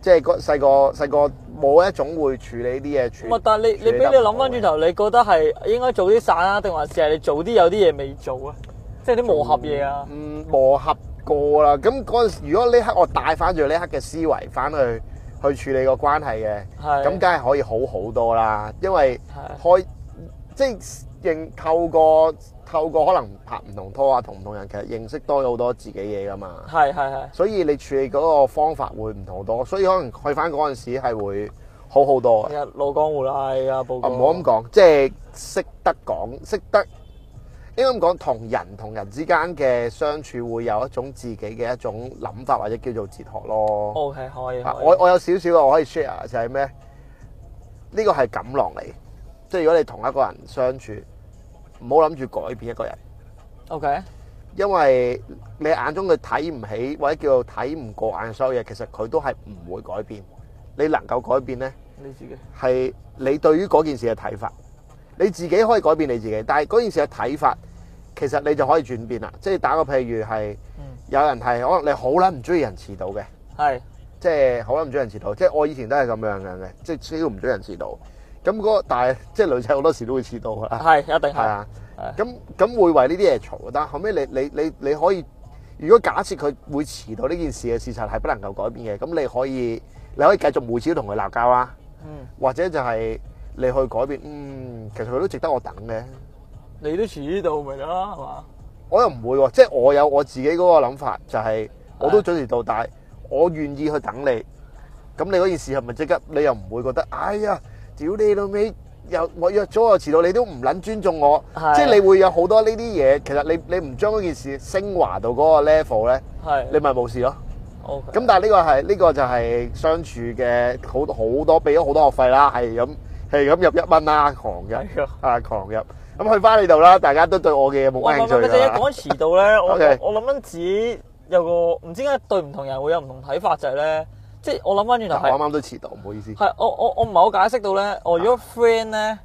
即係個細個細個冇一種會處理啲嘢。唔得，你你俾你諗翻轉頭，你覺得係應該早啲散啊，定還是係你早啲有啲嘢未做啊？即係啲磨合嘢啊？嗯，磨合過啦。咁嗰陣，如果呢刻我帶翻住呢刻嘅思維翻去去處理個關係嘅，咁梗係可以好好多啦。因為開即係認透過透過可能拍唔同拖啊，同唔同人，其實認識多咗好多自己嘢噶嘛。係係係。所以你處理嗰個方法會唔同好多，所以可能去翻嗰陣時係會好好多。其實老江湖啦，啊，寶哥。唔好咁講，即係識得講，識得應該咁講，同人同人之間嘅相處會有一種自己嘅一種諗法，或者叫做哲學咯。O、okay, K，可，可以。我我有少少嘅，我可以 share 就係、是、咩？呢個係錦囊嚟。即係如果你同一個人相處，唔好諗住改變一個人。OK，因為你眼中佢睇唔起或者叫睇唔過眼嘅所有嘢，其實佢都係唔會改變。你能夠改變咧，你自己係你對於嗰件事嘅睇法。你自己可以改變你自己，但係嗰件事嘅睇法，其實你就可以轉變啦。即係打個譬如係、嗯，有人係可能你好撚唔中意人遲到嘅，係即係好撚唔中意人遲到。即係我以前都係咁樣嘅，即係超唔中意人遲到。咁個但係即係女仔好多時都會遲到噶啦，係一定係啊。咁咁會為呢啲嘢嘈，但後尾你你你你可以，如果假設佢會遲到呢件事嘅事實係不能夠改變嘅，咁你可以你可以繼續每次都同佢鬧交啊，或者就係你去改變。嗯，其實佢都值得我等嘅。你都遲到咪得啦，係嘛？我又唔會，即係我有我自己嗰個諗法，就係我都準時到，大我願意去等你。咁你嗰件事係咪即刻？你又唔會覺得？哎呀！屌你老味！又我約咗我遲到，你都唔撚尊重我，即係你會有好多呢啲嘢。其實你你唔將嗰件事昇華到嗰個 level 咧，你咪冇事咯。咁但係呢個係呢個就係相處嘅好好多俾咗好多學費啦。係咁，係咁入一蚊啦，狂入啊，狂入。咁去翻你度啦，大家都對我嘅嘢冇 anger 啦。一講遲到咧，我我諗緊自己有個唔知點解對唔同人會有唔同睇法就係咧。即係我諗翻轉頭係，啱啱都遲到，唔好意思。係我我我唔係好解釋到咧，我，我，我、啊、如果 friend 咧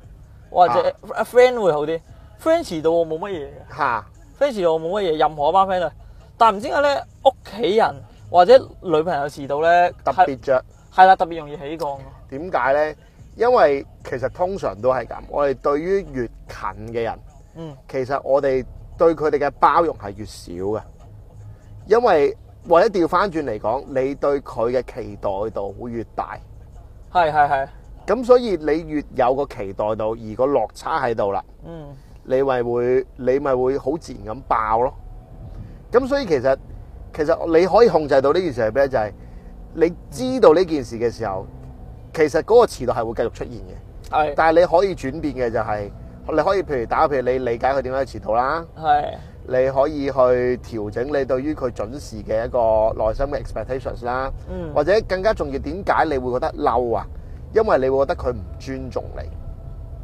或者、啊、friend 會好啲、啊、friend 遲到我冇乜嘢吓，friend 遲到我冇乜嘢，任何一班 friend 啊。但係唔知點解咧，屋企人或者女朋友遲到咧特別着，係、嗯、啦，特別容易起槓。點解咧？因為其實通常都係咁，我哋對於越近嘅人，嗯，其實我哋對佢哋嘅包容係越少嘅，因為。或者調翻轉嚟講，你對佢嘅期待度會越大，係係係。咁所以你越有個期待度，而個落差喺度啦，嗯，你咪會你咪會好自然咁爆咯。咁所以其實其實你可以控制到呢件事係咩？就係你知道呢件事嘅時候，其實嗰個遲到係會繼續出現嘅。係。但係你可以轉變嘅就係，你可以譬如打譬如，你理解佢點樣嘅遲到啦。係。你可以去調整你對於佢準時嘅一個內心嘅 expectations 啦、嗯，或者更加重要，點解你會覺得嬲啊？因為你會覺得佢唔尊重你。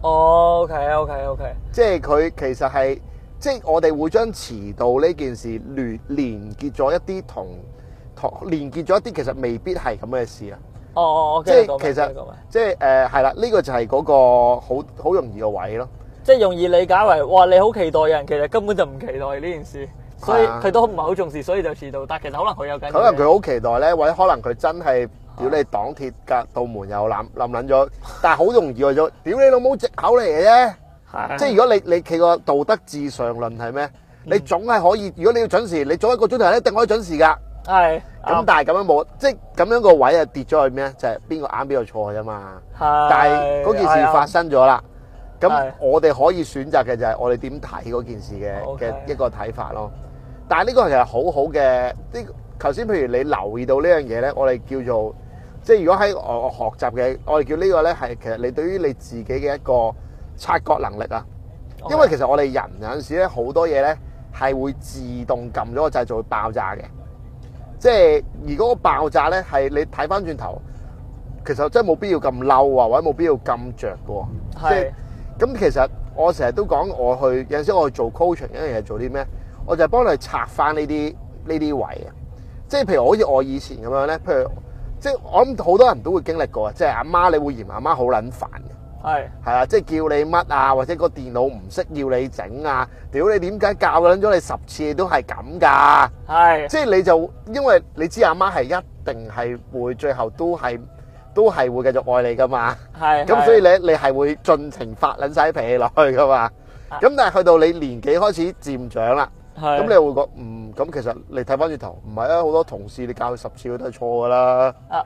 哦、OK，OK，OK okay, okay, okay。即係佢其實係，即係我哋會將遲到呢件事聯連結咗一啲同同連結咗一啲其實未必係咁嘅事啊。哦哦，o k 即係其實即係誒，係、呃、啦，呢、這個就係嗰個好好容易嘅位咯。即係容易理解為，哇！你好期待嘅人，其實根本就唔期待呢件事，所以佢都唔係好重視，所以就遲到。但係其實可能佢有緊張。可能佢好期待咧，或者可能佢真係屌你擋鐵架道門又冧冧捻咗。但係好容易為咗屌你老母借口嚟嘅啫。即係如果你你企個道德至上論係咩？你總係可以，如果你要準時，你早一個鐘頭一定可以準時噶。係咁，但係咁樣冇，即係咁樣個位啊跌咗去咩？就係邊個啱邊個錯啫嘛。係，但係嗰件事發生咗啦。咁我哋可以選擇嘅就係我哋點睇嗰件事嘅嘅一個睇法咯。但係呢個其實好好嘅，呢頭先譬如你留意到呢樣嘢咧，我哋叫做即係如果喺我學習嘅，我哋叫呢個咧係其實你對於你自己嘅一個察覺能力啊。因為其實我哋人有陣時咧好多嘢咧係會自動撳咗個掣就會爆炸嘅。即係如果個爆炸咧係你睇翻轉頭，其實真係冇必要咁嬲啊，或者冇必要咁着喎，即咁其實我成日都講，我去有陣時我去做 coaching 一樣嘢，做啲咩？我就幫佢拆翻呢啲呢啲位啊！即係譬如好似我以前咁樣咧，譬如即係我諗好多人都會經歷過啊！即係阿媽，媽，你會嫌阿媽好撚煩嘅，係係啊！即係叫你乜啊，或者個電腦唔識要你整啊，屌你點解教撚咗你十次你都係咁㗎？係即係你就因為你知阿媽係一定係會最後都係。都係會繼續愛你噶嘛，係，咁所以你你係會盡情發捻晒脾氣落去噶嘛，咁、啊、但係去到你年紀開始漸長啦，咁你又會覺得，嗯，咁其實你睇翻轉頭，唔係啊，好多同事你教佢十次佢都係錯噶啦，即、啊、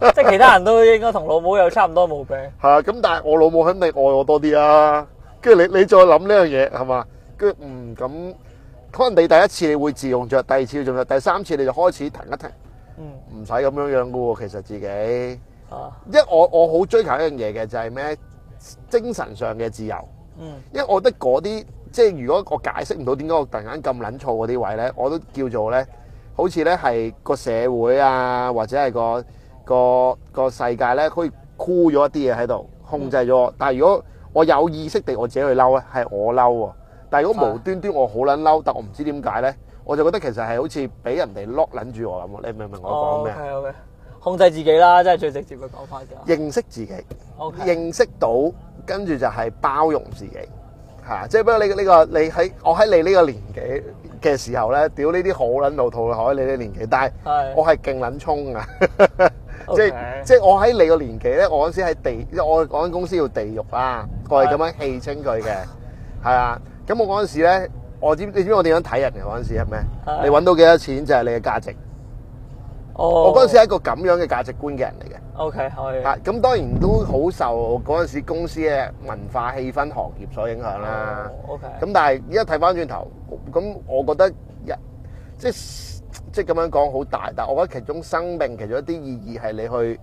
係 其他人都應該同老母有差唔多毛病，吓， 咁但係我老母肯定愛我多啲啊，跟住你你再諗呢樣嘢係嘛，跟住嗯咁，可能你第一次你會自用着，第二次會自用著，第三次你就開始停一停。唔使咁樣樣噶喎，其實自己，因、啊、為我我好追求一樣嘢嘅就係、是、咩？精神上嘅自由。嗯，因為我覺得嗰啲即係如果我解釋唔到點解我突然間咁捻燥嗰啲位咧，我都叫做咧，好似咧係個社會啊或者係個個個世界咧可以箍咗一啲嘢喺度控制咗我，嗯。但係如果我有意識地我自己去嬲咧，係我嬲。但係如果無端端我好捻嬲，啊，但我唔知點解咧。我就覺得其實係好似俾人哋 lock 捻住我咁，你明唔明我講咩？哦，OK，好嘅，控制自己啦，即係最直接嘅講法嘅。認識自己，OK，認識到跟住就係包容自己，吓，即係不過呢個呢個你喺我喺你呢個年紀嘅時候咧，屌呢啲好捻老套嘅喺你呢年紀，但係我係勁捻衝噶，即係即係我喺你個年紀咧，我嗰時喺地，我嗰陣公司叫地獄啦，我係咁樣戲稱佢嘅，係啊，咁我嗰陣時咧。我知你知我點樣睇人嘅嗰陣時係咩？你揾到幾多錢就係你嘅價值。Oh. 我嗰陣時係一個咁樣嘅價值觀嘅人嚟嘅。OK，好。啊，咁當然都好受嗰陣時公司嘅文化氣氛、行業所影響啦。Oh. OK。咁但係而家睇翻轉頭，咁我覺得一即係即係咁樣講好大，但係我覺得其中生命其中一啲意義係你去，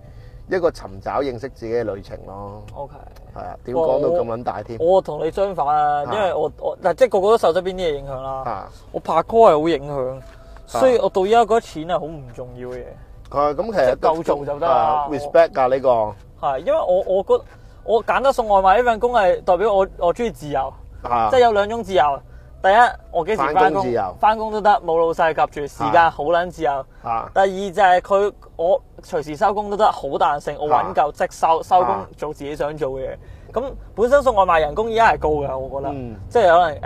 一個尋找認識自己嘅旅程咯。O K，係啊，點講到咁撚大添？我同你相反啊，因為我、啊、我嗱，即係個個都受咗邊啲嘢影響啦、啊。我拍拖係好影響，所以我到依家覺得錢係好唔重要嘅嘢。係、啊、咁，其實夠做就得啦、啊啊。Respect 㗎呢個。係、啊啊，因為我我覺得我揀得送外賣呢份工係代表我我中意自由，啊、即係有兩種自由。第一，我幾時翻工翻工都得，冇老細夾住，時間好撚自由、啊。第二就係佢我隨時收工都得好彈性，我穩夠、啊、即收收工做自己想做嘅嘢。咁本身送外賣人工依家係高嘅，我覺得，嗯、即係可能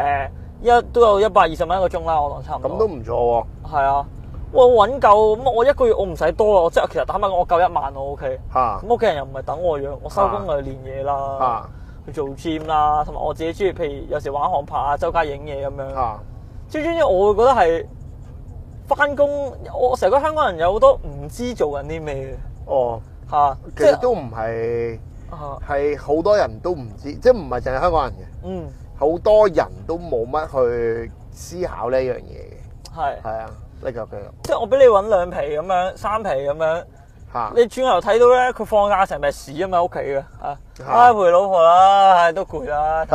誒，都、呃、有一百二十蚊一個鐘啦，我覺得差唔多。咁都唔錯喎。係啊，我穩夠，咁我一個月我唔使多啊，我即係其實打埋我夠一萬、OK? 啊我，我 OK。嚇、啊！咁屋企人又唔係等我養，我收工就練嘢啦。去做 gym 啦，同埋我自己中意，譬如有時玩航拍、啊、周街影嘢咁樣。啊，最主要我會覺得係翻工，我成日覺得香港人有好多唔知做緊啲咩嘅。哦，嚇、啊，其實都唔係，係、啊、好多人都唔知，即係唔係淨係香港人嘅。嗯，好多人都冇乜去思考呢一樣嘢嘅。係，係啊，呢個繼即係我俾你揾兩皮咁樣，三皮咁樣。啊、你轉頭睇到咧，佢放假成日屎啊嘛，屋企嘅啊，啊陪老婆啦，唉，都攰啦。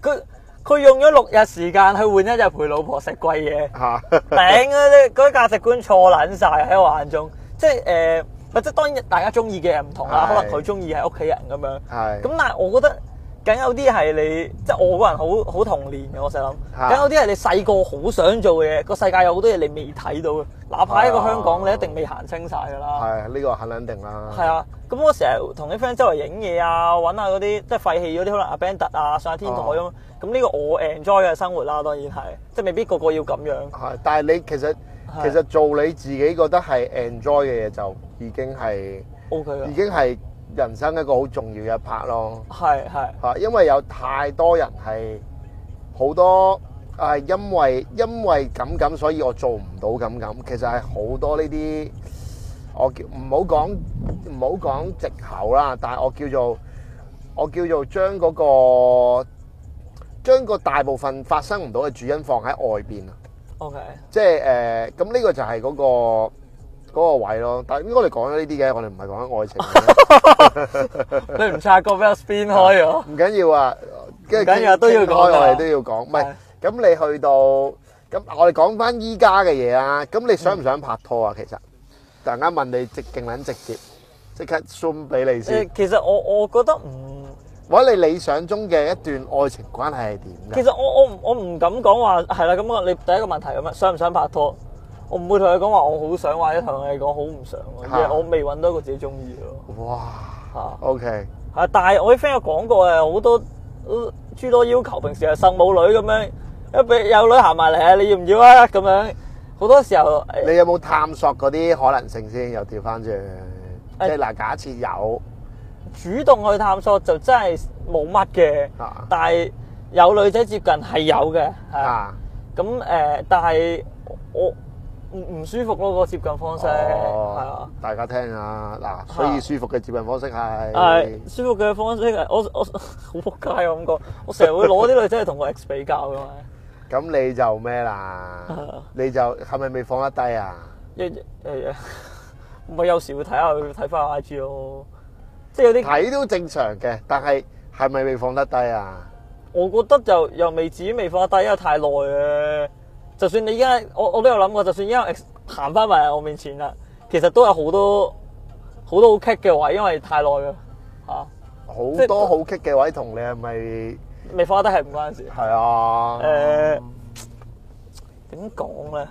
佢 佢用咗六日時間去換一日陪老婆食貴嘢，頂啊！啲嗰啲價值觀錯捻晒，喺我眼中，即係誒、呃，即係當然大家中意嘅人唔同啦，可能佢中意係屋企人咁樣，咁但係我覺得。梗有啲係你，即係我個人好好童年嘅我成日諗。梗、啊、有啲係你細個好想做嘅嘢，個世界有好多嘢你未睇到嘅。哪怕喺個香港、啊，你一定未行清晒㗎啦。係呢、啊呢個很肯定啦。係啊，咁我成日同啲 friend 周圍影嘢啊，揾下嗰啲即係廢棄嗰啲，可能 abandoned 啊上下天台咁。咁呢個我 enjoy 嘅生活啦，當然係，即未必個個要咁樣。係、啊，但係你其實其實做你自己覺得係 enjoy 嘅嘢，就已經係 OK 已經係。人生一個好重要嘅一 part 咯，係係吓，因為有太多人係好多係因為因為咁咁，所以我做唔到咁咁。其實係好多呢啲，我叫唔好講唔好講借口啦。但係我叫做我叫做將嗰個將個大部分發生唔到嘅主因放喺外邊啊。OK，即係誒，咁呢個就係嗰個。嗰個位咯，但應該我哋講咗呢啲嘅，我哋唔係講緊愛情。你唔察覺俾我 spin 開咗？唔緊要啊，跟住緊要都要講，我哋都要講。唔係，咁你去到咁，我哋講翻依家嘅嘢啊。咁你想唔想拍拖啊？其實，突然間問你，直勁撚直接，即刻送俾你先。其實我我覺得唔，或者你理想中嘅一段愛情關係係點？其實我我我唔敢講話，係啦。咁我你第一個問題咁啊，想唔想拍拖？我唔會同佢講話，我好想或者同佢講好唔想，因為我未揾到一個自己中意咯。哇！嚇，OK，嚇，但係我啲 friend 有講過誒，好多諸多要求，平時係生母女咁樣，一俾有女行埋嚟啊，你要唔要啊？咁樣好多時候，你有冇探索嗰啲可能性先？又調翻轉，即係嗱，假設有主動去探索，就真係冇乜嘅。但係有女仔接近係有嘅。嚇、啊！咁、啊、誒，但係我。唔唔舒服咯，個接近方式，係、哦、啊，大家聽啊，嗱，所以舒服嘅接近方式係，係舒服嘅方式係，我我好仆街啊，咁講，我成日 會攞啲女仔嚟同我 ex 比較噶嘛，咁 你就咩啦係？你就係咪未放得低啊？誒誒，唔係有時會睇下睇翻 I G 咯，看 IG, 即係有啲睇都正常嘅，但係係咪未放得低啊？我覺得就又未至於未放得低，因為太耐誒。就算你依家我我都有諗過，就算因為 X 行翻埋我面前啦，其實都有好多好多好棘嘅位，因為太耐啦，吓、啊、好多好棘嘅位同你係咪未花得係唔關事？係啊，誒、呃，點講咧？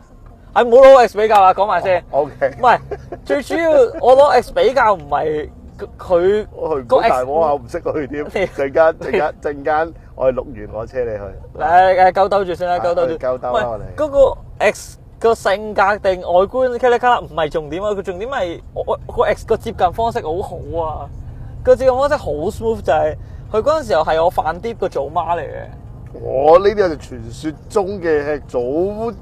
係唔好攞 X 比較啦，講埋先。O K，唔係最主要，我攞 X 比較唔係佢，佢高大我啊，唔識佢啲，陣間陣間陣間。 我哋錄完，我車你去。誒誒，夠兜住先啦，夠兜住。唔係嗰個 X 個性格定外觀，卡里卡啦唔係重點啊！佢重點係我我個 X 個接近方式好好啊，個接近方式好 smooth 就係佢嗰陣時候係我飯碟個祖媽嚟嘅。我呢啲係傳說中嘅祖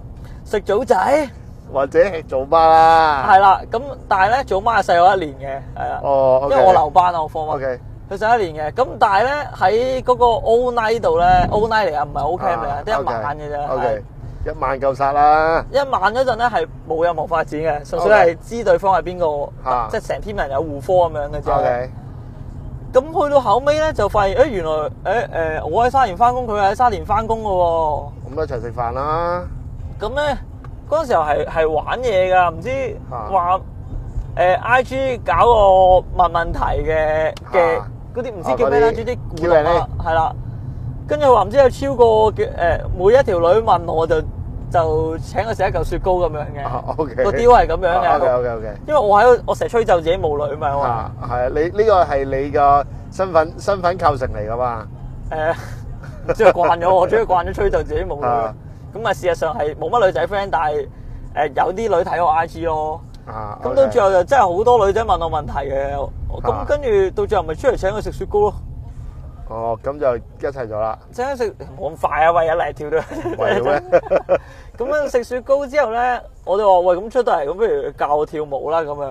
食祖仔或者食祖媽啦。係啦，咁但係咧祖媽係細我一年嘅，係啦。哦，因為我留班啊，我科班。佢十一年嘅，咁但係咧喺嗰個 all night 度咧，all night 嚟啊唔係 all camp 嚟啊，得一晚嘅啫。O.K. 一晚夠殺啦！一晚嗰陣咧係冇任何發展嘅，純粹係知對方係邊個，即係成千人有互呼咁樣嘅啫。O.K. 咁去到後尾咧就發現誒，原來誒誒，我喺沙田翻工，佢係喺沙田翻工噶喎。咁一齊食飯啦。咁咧嗰陣時候係係玩嘢噶，唔知話誒 I.G. 搞個問問題嘅嘅。嗰啲唔知叫咩啦，嗰啲古流啦，係啦。跟住話唔知有超過嘅誒，每一條女問我就就請佢食一嚿雪糕咁樣嘅。個 deal 係咁樣嘅。因為，我喺度，我成日吹奏自己無女嘛。係啊，你呢個係你個身份身份構成嚟噶嘛？誒，即係慣咗，我鍾意慣咗吹奏自己無女。咁啊，事實上係冇乜女仔 friend，但係誒有啲女睇我 I G 咯。咁到最後就真係好多女仔問我問題嘅。咁跟住到最後咪出嚟請佢食雪糕咯。哦，咁就一齊咗啦。即係食冇咁快啊！喂，一嚟跳喂，咁樣食雪糕之後咧，我哋話：喂，咁出到嚟咁，不如教我跳舞啦咁樣。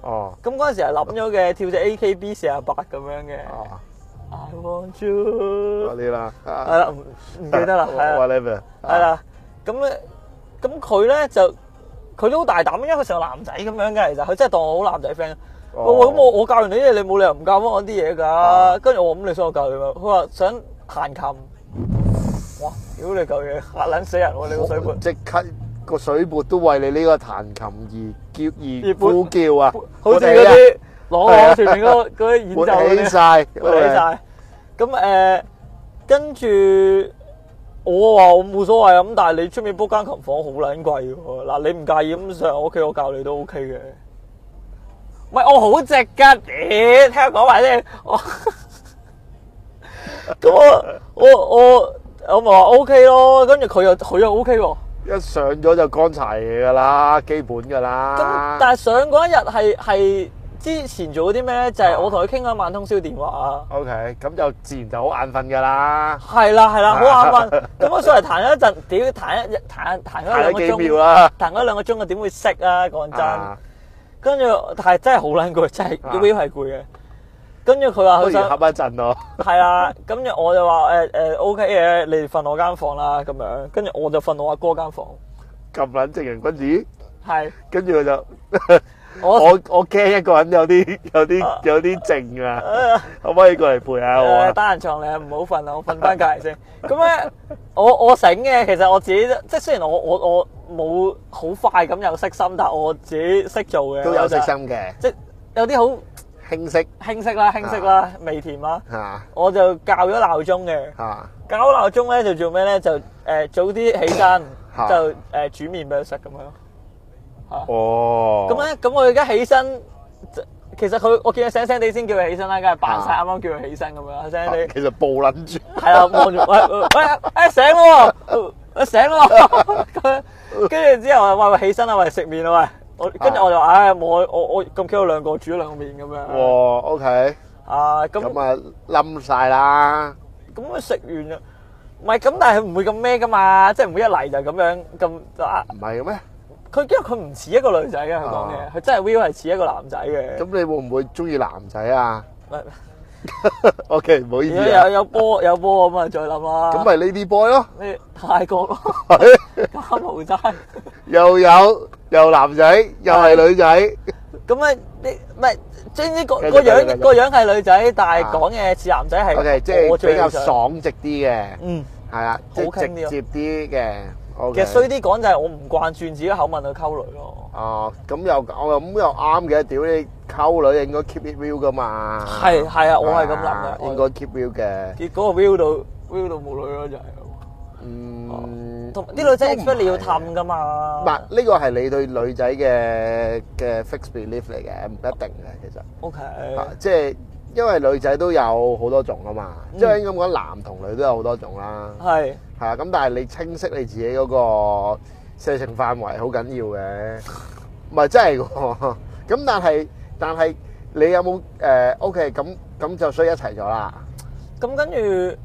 哦。咁嗰陣時係諗咗嘅，跳隻 A K B 四十八咁樣嘅。哦。I want you、啊。嗰啲啦。係、啊、啦。唔記得啦。Whatever、啊。係、啊、啦。咁、啊、咧，咁佢咧就佢都好大膽，因為佢成個男仔咁樣嘅其實，佢真係當我好男仔 friend。我咁我我教完你，嘢，你冇理由唔教翻我啲嘢噶。跟、嗯、住我咁你想我教你咩？佢話想彈琴。哇！屌你嚿嘢，吓撚死人！我你個水盤，即刻，吸個水盤都為你呢個彈琴而叫而呼叫啊，啊！好似嗰啲攞攞前面個嗰啲演奏起晒，起晒。咁誒、呃，跟住我話我冇所謂啊。咁但係你出面 book 間琴房好撚貴喎。嗱，你唔介意咁上我屋企，我教你都 OK 嘅。喂我好直噶，誒，聽我講話先，我咁 我我我我咪話 O K 咯，跟住佢又佢又 O K 喎，一上咗就乾柴嘢啦，基本㗎啦。咁但係上嗰一日係係之前做啲咩咧？就係、是、我同佢傾嗰晚通宵電話啊。O K，咁就自然就好眼瞓噶啦。係啦係啦，好眼瞓。咁 我上嚟彈咗一陣，屌彈一日彈咗兩個鐘，彈咗兩個鐘我點會識啊？講真。啊跟住，但係真係好撚攰，真係腰表係攰嘅。跟住佢話佢想，係啊，跟住、啊啊、 我就話誒誒 O K 嘅，哎哎、okay, 你哋瞓我間房啦，咁樣。跟住我就瞓我阿哥間房。咁撚正人君子。係。跟住我就。 我我我驚一個人有啲有啲有啲靜啊，可唔可以過嚟陪下我啊？單人床嚟啊，唔好瞓啦，我瞓翻隔籬先。咁咧，我我醒嘅，其實我自己即係雖然我我我冇好快咁有識心，但係我自己識做嘅。都有識心嘅，即係有啲好輕識，輕識啦，輕識啦，微甜啦。係啊，我就校咗鬧鐘嘅。係啊，校鬧鐘咧就做咩咧？就誒早啲起身，就誒煮麵俾佢食咁樣。哦，咁咧，咁我而家起身，其實佢我見佢醒醒地先叫佢起身啦，梗係扮晒啱啱叫佢起身咁樣醒醒地。其實抱撚住，係啊，望住喂喂，誒醒喎，誒醒喎，咁樣跟住之後話喂起身啦喂食麵啦喂，我跟住我就話唉我我我咁 Q 兩個煮咗兩個麵咁樣。哇，OK，啊咁咁啊冧晒啦，咁佢食完啊，唔係咁，但係佢唔會咁咩噶嘛，即係唔會一嚟就咁樣咁啊，唔係嘅咩？佢因為佢唔似一個女仔嘅，佢講嘢，佢真係 Will 係似一個男仔嘅。咁你會唔會中意男仔啊？喂，OK，唔好意思。如果有有波有波咁啊，再諗啦。咁咪 Lady Boy 咯？咩？泰國咯？柬埔寨又有又男仔，又係女仔。咁啊，你唔係總之個個樣個樣係女仔，但係講嘢似男仔，係 OK，即係比較爽直啲嘅。嗯，係啊，好直接啲嘅。其實衰啲講就係我唔慣轉自己口吻去溝女咯。哦，咁又咁又啱嘅，屌你溝女應該 keep it real 噶嘛。係係啊，我係咁諗嘅。應該 keep it real 嘅。結果 real 到 real 到冇女咯，就係。嗯，同啲女仔 expect 你要氹噶嘛。唔係，呢個係你對女仔嘅嘅 fixed belief 嚟嘅，唔一定嘅其實。O K。啊，即係。因為女仔都有好多種啊嘛，即係應該講男同女都有好多種啦。係，嚇，咁但係你清晰你自己嗰個射程範圍好緊要嘅，唔係真係喎。咁但係但係你有冇誒？O.K. 咁咁就所以一齊咗啦。咁跟住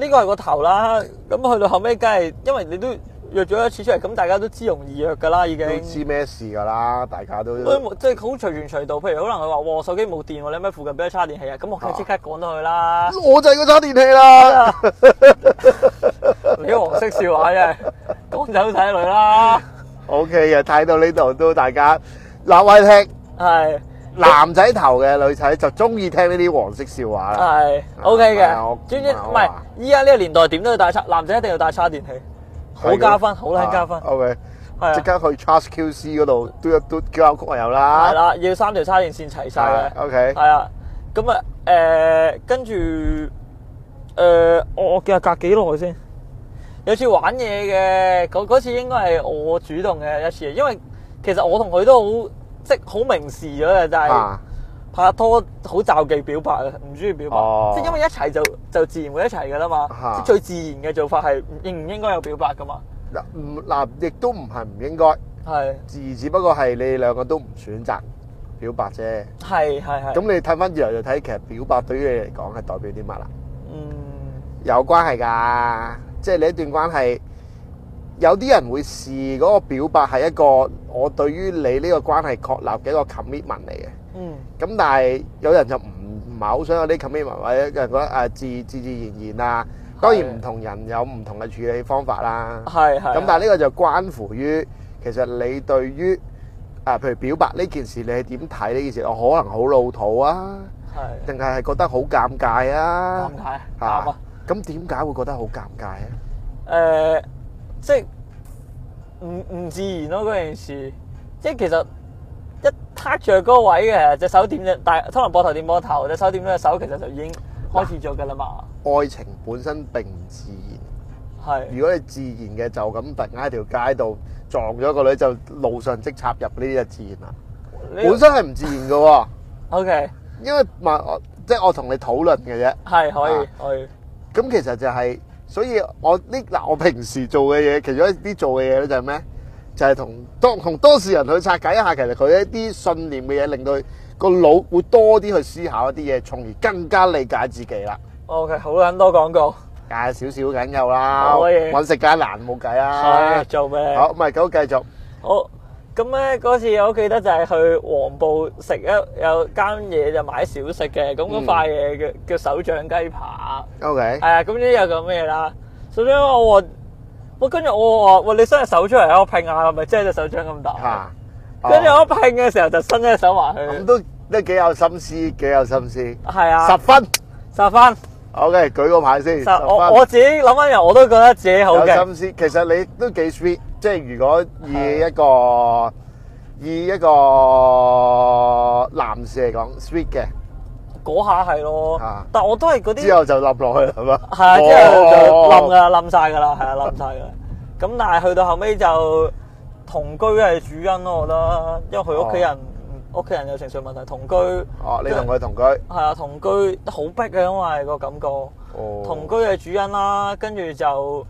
呢個係個頭啦。咁去到後尾梗係因為你都。約咗一次出嚟，咁大家都知容易約噶啦，已經知咩事噶啦，大家都即係好隨緣隨道。譬如可能佢話，哇、哦，我手機冇電，你喺咪附近俾我插電器啊？咁我即刻趕到去啦。我就係個插電器啦，啲 黃色笑話嘅，係講就睇女啦。O K 嘅睇到呢度都大家嗱，位聽係男仔頭嘅女仔就中意聽呢啲黃色笑話係 O K 嘅，總之唔係依家呢個年代點都要帶插，男仔一定要帶插電器。好加分，好啦，加分。O K，即刻去 Charge QC 嗰度，都有都交曲又有啦。係啦，要三條叉電線齊晒。O K，係啊。咁、okay、啊，跟住，誒、呃呃，我我幾隔幾耐先？有次玩嘢嘅，嗰次應該係我主動嘅一次，因為其實我同佢都好即係好明示咗嘅，但係。啊拍拖好就忌，忌表白，唔中意表白，即、哦、係因為一齊就就自然會一齊噶啦嘛。即、啊、係最自然嘅做法係應唔應該有表白噶嘛、啊？嗱，唔嗱，亦都唔係唔應該係，只只不過係你兩個都唔選擇表白啫。係係係。咁你睇翻二嚟就睇，其實表白對於你嚟講係代表啲乜啦？嗯，有關係噶，即係你一段關係，有啲人會視嗰個表白係一個我對於你呢個關係確立嘅一個 commitment 嚟嘅。嗯，咁但係有人就唔唔係好想有啲 commitment，或者有人覺得誒自自自然然啊，當然唔同人有唔同嘅處理方法啦。係係，咁但係呢個就關乎於其實你對於誒，譬如表白呢件事，你係點睇呢件事？我可能好老土啊，係，定係係覺得好尷尬啊，尷尬吓，咁點解會覺得好尷尬咧？誒，即係唔唔自然咯，嗰件事，即係其實。插着嗰位嘅隻手掂但大，可能膊頭掂膊頭，隻手掂咗隻手，其實就已經開始做噶啦嘛。愛情本身並唔自然，係如果你自然嘅就咁突然間喺條街度撞咗個女，就路上即插入呢啲就自然啦。本身係唔自然嘅喎。 o、okay、K，因為唔，即、就是、我同你討論嘅啫。係可以可以。咁、啊、其實就係、是，所以我呢，嗱，我平時做嘅嘢，其中一啲做嘅嘢咧，就係咩？就係同當同當事人去拆解一下，其實佢一啲信念嘅嘢，令到佢個腦會多啲去思考一啲嘢，從而更加理解自己啦。OK，好啦，多廣告，介紹少少梗夠啦，揾食梗難冇計啦，做咩？好，唔係咁繼續。好，咁咧嗰次我記得就係去黃埔食一有間嘢就買小食嘅，咁嗰塊嘢叫叫手掌雞排。OK，係啊，咁呢又講咩啦？首先我。我跟住我話，喂你伸隻手出嚟，我拼下，係咪即係隻手掌咁大？吓，跟住我一拼嘅時候就伸隻手埋去，都都幾有心思，幾有心思。係啊，十分，十分。O K，舉個牌先。我我自己諗翻入，我都覺得自己好有心思。其實你都幾 sweet，即係如果以一個以一個男士嚟講，sweet 嘅。嗰下係咯，但我都係嗰啲之後就冧落去係嘛？係啊，之後就冧噶，冧晒㗎啦，係啊，冧晒㗎。咁、哦哦哦哦、 但係去到後尾就同居係主因咯，我覺得，因為佢屋企人屋企、哦、人有情緒問題，同居哦，你同佢同居係啊，同居好逼嘅，因為個感覺、哦、同居係主因啦，跟住就誒、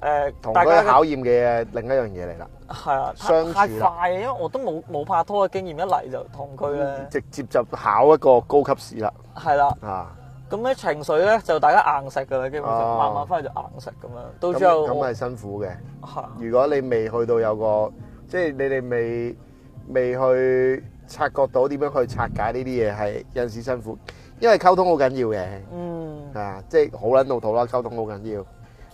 呃、同居考驗嘅另一樣嘢嚟啦。係啊，太快啊！因為我都冇冇拍拖嘅經驗，一嚟就同居咧。直接就考一個高級試啦。係啦。啊。咁咧情緒咧就大家硬食噶啦，基本上慢慢翻嚟就硬食咁樣。到最後咁咁係辛苦嘅。係。如果你未去到有個，即係你哋未未去察覺到點樣去拆解呢啲嘢，係有陣時辛苦，因為溝通好緊要嘅。嗯。啊，即係好捻老土啦，溝通好緊要。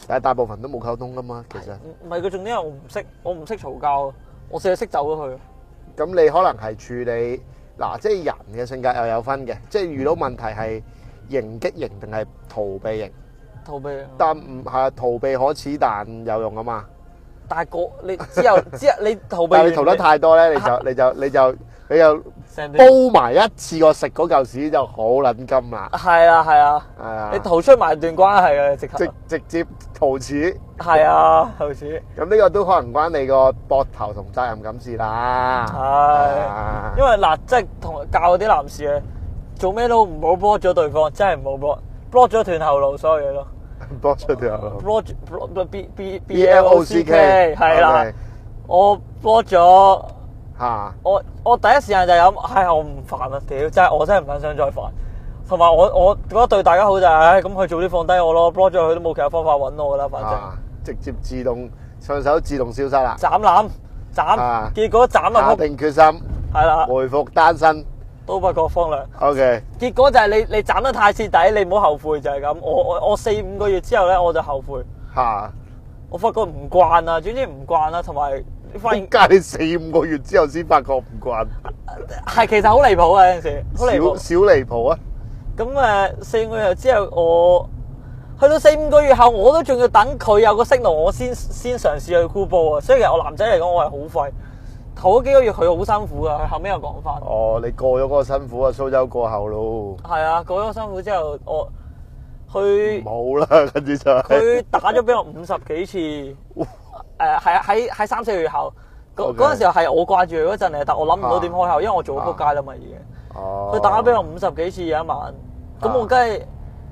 但係大部分都冇溝通噶嘛，其實唔係佢仲，因為我唔識，我唔識嘈交，我淨係識走咗佢。咁你可能係處理嗱，即係人嘅性格又有分嘅，即係遇到問題係迎擊型定係逃避型？逃避啊！但唔係逃避可恥，但有用啊嘛。但係個你之後 之後你逃避，你逃得太多咧，你就你就你就。你就你就你又煲埋一次個食嗰嚿屎就好撚金啦！係啊，係啊，你逃出埋段關係啊，直頭，直直接逃恥。係啊，逃恥。咁呢個都可能關你個膊頭同責任感事啦。係，因為嗱，即係同教啲男士啊，做咩都唔好 block 咗對方，真係唔好 block，block 咗斷後路所有嘢咯。 Blog, Blog, Blog, Blog, Blog, block 咗斷後路。block block B L O C K 係啦，我 block 咗。啊！我我第一時間就諗，唉，我唔煩啦，屌！真係我真係唔想再煩，同埋我我覺得對大家好就係，咁佢早啲放低我咯，Block 咗佢都冇其他方法搵我㗎啦，反正直接自動上手自動消失啦，斬纜斬，結果斬啊，下定決心係啦，回復單身都不過荒涼。OK，結果就係你你斬得太徹底，你唔好後悔就係咁。我我我四五個月之後咧，我就後悔。吓，我發覺唔慣啊，總之唔慣啊，同埋。發現加你四五個月之後先發覺唔慣，係其實好離譜啊！有陣時少少離譜啊！咁誒，四五個月之後我，我去到四五個月後，我都仲要等佢有個 signal，我先先嘗試去箍煲啊！所以其實我男仔嚟講，我係好廢。頭幾個月佢好辛苦噶，佢後邊又講返。哦，你過咗個辛苦啊，蘇州過後咯。係啊，過咗辛苦之後我，我去冇啦，跟住就佢、是、打咗俾我五十幾次。 誒係啊！喺喺三四月後嗰嗰、okay. 陣時候係我掛住佢嗰陣嚟，但我諗唔到點開口，因為我做過撲街啦嘛已經。哦、啊！佢打咗俾我五十幾次，有一晚。咁、啊、我梗係、啊、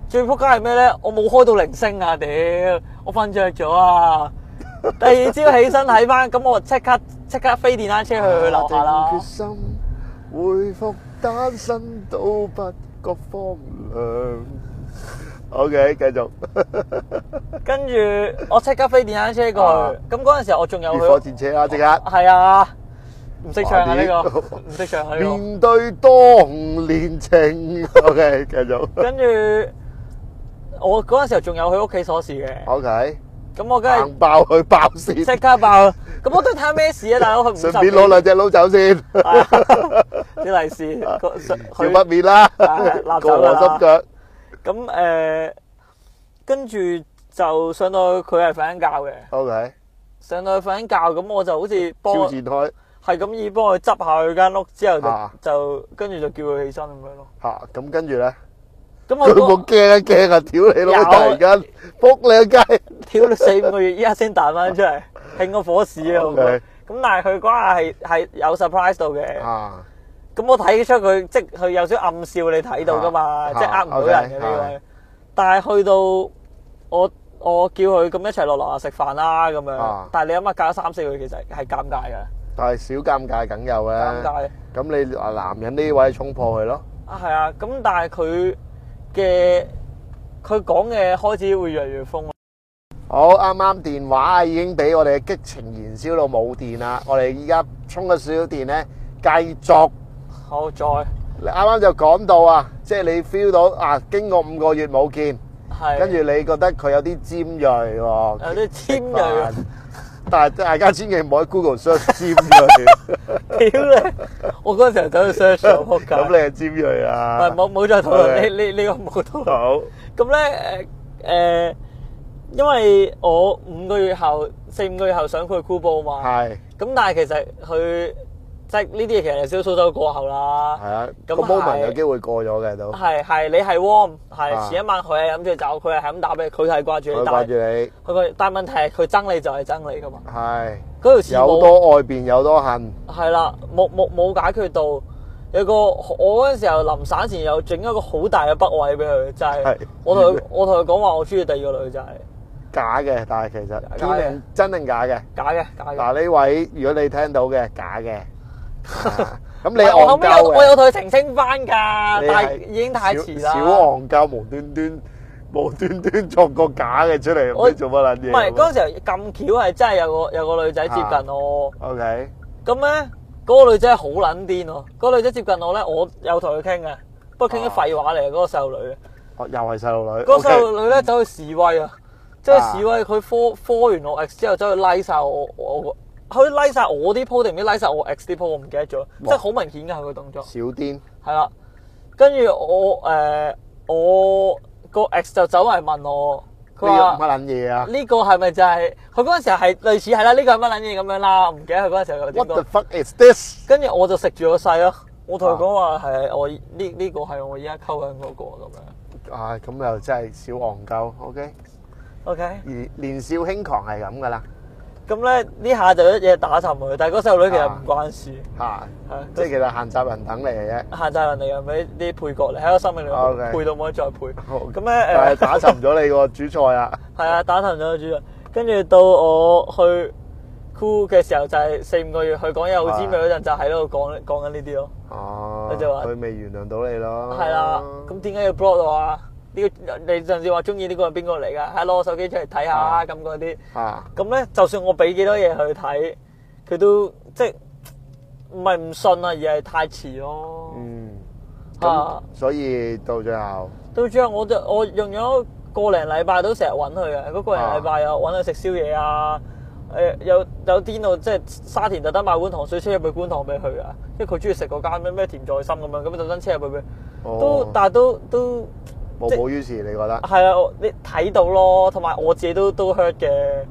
最撲街係咩咧？我冇開到鈴聲啊！屌，我瞓着咗啊！第二朝起身睇翻，咁 我即刻即刻飛電單車去去樓下啦。啊。O K，繼續。跟住我即刻飛電單車過去。咁嗰陣時候我仲有。電車啊，即刻。係啊，唔識唱呢個，唔識唱呢個。面對當年情，O K，繼續。跟住我嗰陣時候仲有佢屋企鎖匙嘅。O K。咁我梗係。爆佢爆先，即刻爆。咁我都睇下咩事啊，大佬佢唔？順便攞兩隻佬走先。啲利是。笑乜面啦，過河心腳。咁誒，跟住就上到佢係瞓緊覺嘅。O K，上到去瞓緊覺，咁我就好似幫，係咁意幫佢執下佢間屋，之後就就跟住就叫佢起身咁樣咯。吓，咁跟住咧，咁我佢冇驚啊驚啊，屌你老豆而家，仆你個街，跳你四五個月，依家先彈翻出嚟，興個火屎啊！咁但係佢嗰下係係有 surprise 到嘅。咁我睇出佢，即係佢有少暗笑，你睇到噶嘛？即係呃唔到人嘅呢位。但係去到我我叫佢咁一齊落落去食飯啦，咁樣。但係你諗下，隔咗三四位，其實係尷尬嘅。但係少尷尬梗有嘅。尷尬。咁你啊，男人呢位衝破佢咯。啊，係啊。咁但係佢嘅佢講嘅開始會越嚟越瘋。好啱啱電話啊，已經俾我哋嘅激情燃燒到冇電啦。我哋依家充咗少少電咧，繼續。好再，你啱啱就講到啊，即係你 feel 到啊，經過五個月冇見，跟住你覺得佢有啲尖銳喎，有啲尖銳，但係大家千祈唔好喺 Google search 尖啊！屌你，我嗰陣時走去 search 上鋪架，咁你係尖銳啊？唔冇冇再討論，呢呢呢個冇討論。咁咧誒誒，因為我五個月後，四五個月後想去箍煲嘛，係，咁但係其實佢。即係呢啲嘢，其實少數就過後啦。係啊，個 moment 有機會過咗嘅都係係你係 warm 係、啊、前一晚佢係飲醉酒，佢係係咁打俾佢係掛住你，掛住你佢。但問題係佢憎你就係憎你噶嘛。係。嗰條線有多愛變有多恨。係啦、啊，冇冇冇解決到，有個我嗰陣時候臨散前又整一個好大嘅筆位俾佢，就係、係、我同我同佢講話，我中意第二個女仔假嘅，但係其實假假真定假嘅，假嘅，假嘅。嗱呢位，如果你聽到嘅假嘅。咁你戇鳩嘅？我後尾我有同佢澄清返㗎，但係已經太遲啦。少戇鳩，無端端無端端作個假嘅出嚟，做乜撚嘢？唔係嗰陣時咁巧，係真係有個有個女仔接近我。OK。咁咧，嗰個女仔好撚癲喎。嗰個女仔接近我咧，我有同佢傾嘅，不過傾啲廢話嚟。嗰個細路女，又係細路女。嗰細路女咧走去示威啊！即係示威，佢科科完我 ex 之後走去拉晒我我個。佢拉晒我啲 po 定唔知拉晒我 X 啲 po，我唔記得咗，即係好明顯噶佢個動作。小癲係啦，跟住我誒，我個 X 就走嚟問我，佢話乜捻嘢啊？呢個係咪就係佢嗰陣時候係類似係啦？呢個係乜捻嘢咁樣啦？唔記得佢嗰陣時候嘅。What the fuck is this？跟住我就食住個勢咯，我同佢講話係我呢呢個係我依家溝緊嗰個咁樣。啊，咁又真係小憨鳩，OK？OK？而年少輕狂係咁噶啦。咁咧呢下就一嘢打沉佢，但係嗰細路女其實唔關事，吓、啊啊，即係其實閒雜人等嚟嘅啫，閒雜人嘅咪呢啲配角嚟喺我生命裏邊配到冇得再配，咁咧就打沉咗你個主菜呀。係 啊，打沉咗個主菜，跟住到我去 cool 嘅時候就係四五個月，佢講嘢好尖嗰陣就喺度講講緊呢啲咯，哦，佢、啊、就話佢未原諒到你咯，係啦，咁點解要 block 啊？呢個你陣時話中意呢個係邊個嚟㗎？係攞手機出嚟睇下啊，咁啲。係。咁咧，就算我俾幾多嘢去睇，佢都即係唔係唔信啊，而係太遲咯。嗯。啊。所以到最後。到最後我，我就我用咗個零禮拜都成日揾佢啊。嗰、嗰個零禮拜又揾佢食宵夜啊，誒有有癲到即係沙田特登買碗糖水車入去觀塘俾佢啊，因為佢中意食嗰間咩咩甜在心咁樣，咁就登車入去俾、哦。都，但係都都。無補於事，你覺得？係啊，你睇到咯，同埋我自己都都 hurt 嘅。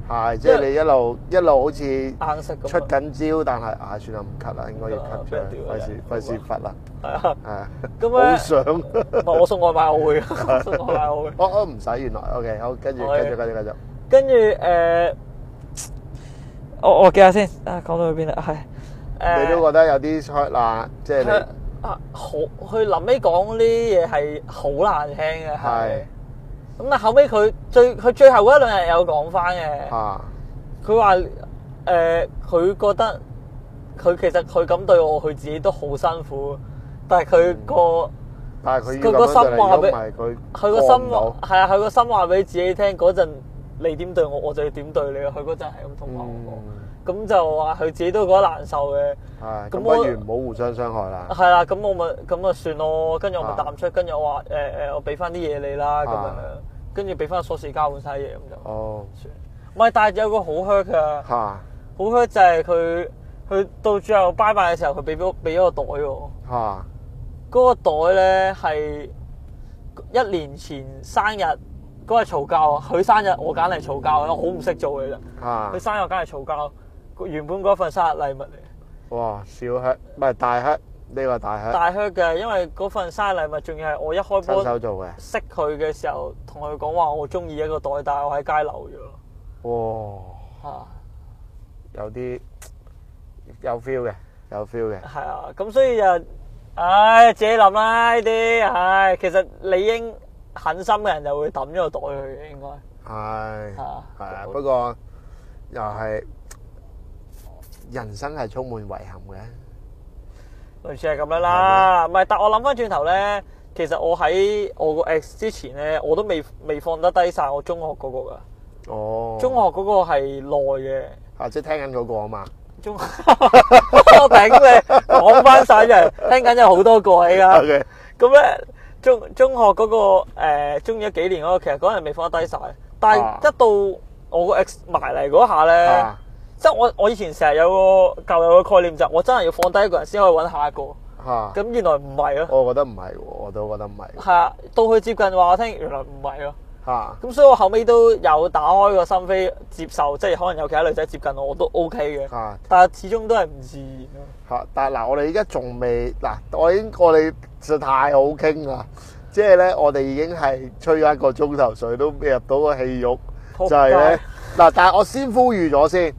係，即係你一路一路好似硬係出緊招，但係唉，算啦，唔 cut 啦，應該要 cut 咗，費事費事 cut 啦。係啊，係。好想唔係我送外賣，我會。送外賣我會。我都唔使原來。O K，好，跟住跟住跟住跟住。跟住誒，我我記下先。啊，講到去邊啦？係。你都覺得有啲 hurt 啊？即係你。好，佢臨尾講呢嘢，係好難聽嘅，係咁。但係後尾佢最佢最後嗰一兩日有講翻嘅，佢話誒佢覺得佢其實佢咁對我，佢自己都好辛苦，但係佢、那個、嗯、但係佢佢個心話俾佢個心係啊，佢個心話俾自己聽嗰陣，你點對我，我就要點對你，佢嗰陣係咁同我講。嗯咁就話佢自己都覺得難受嘅，咁、嗯、不如唔好互相傷害啦。係啦，咁我咪咁咪算咯。跟住我咪淡出，跟、啊、住我話誒誒，我俾翻啲嘢你啦，咁、啊、樣。跟住俾翻鎖匙交換晒嘢咁就，哦，算。唔係，但係有個好 hurt 噶，嚇、啊，好 hurt 就係佢佢到最後拜拜嘅時候，佢俾咗俾咗個袋喎，嚇、啊。嗰、嗰個袋咧係一年前生日嗰日嘈交啊，佢生日我揀嚟嘈交，我好唔識做嘅啫，佢、啊、生日揀嚟嘈交。原本嗰份生日禮物嚟，哇！小靴唔係大靴，呢個大靴？大靴嘅，因為嗰份生日禮物仲要係我一開波，親手做嘅。識佢嘅時候，同佢講話我中意一個袋，但係我喺街漏咗。哇！吓，有啲有 feel 嘅，有 feel 嘅。係啊，咁所以就，唉，自己諗啦呢啲。唉，其實理應狠心嘅人就會抌咗個袋去嘅，應該係，係啊。不過又係。人生係充滿遺憾嘅，類似係咁樣啦。唔係，但係我諗翻轉頭咧，其實我喺我個 ex 之前咧，我都未未放得低晒我中學嗰個噶。哦，中學嗰個係耐嘅，啊，即係聽緊嗰個啊嘛。中學，我頂你，講翻晒就係聽緊有好多個嚟噶。咁咧，中中學嗰個誒，中咗幾年嗰個，其實嗰陣未放得低晒。但係一到我個 ex 埋嚟嗰下咧。即係我我以前成日有個舊有嘅概念，就我真係要放低一個人先可以揾下一個。吓、啊、咁，原來唔係咯。我覺得唔係，我都覺得唔係。係啊，到佢接近話我聽，原來唔係咯。吓、啊、咁，所以我後尾都有打開個心扉接受，即係可能有其他女仔接近我，我都 O K 嘅。吓、啊，但係始終都係唔自然咯。吓、啊，但係嗱，我哋而家仲未嗱，我已經我哋就太好傾啦。即係咧，我哋已經係吹咗一個鐘頭水都入到個戲肉就係咧嗱。但係我先呼籲咗先。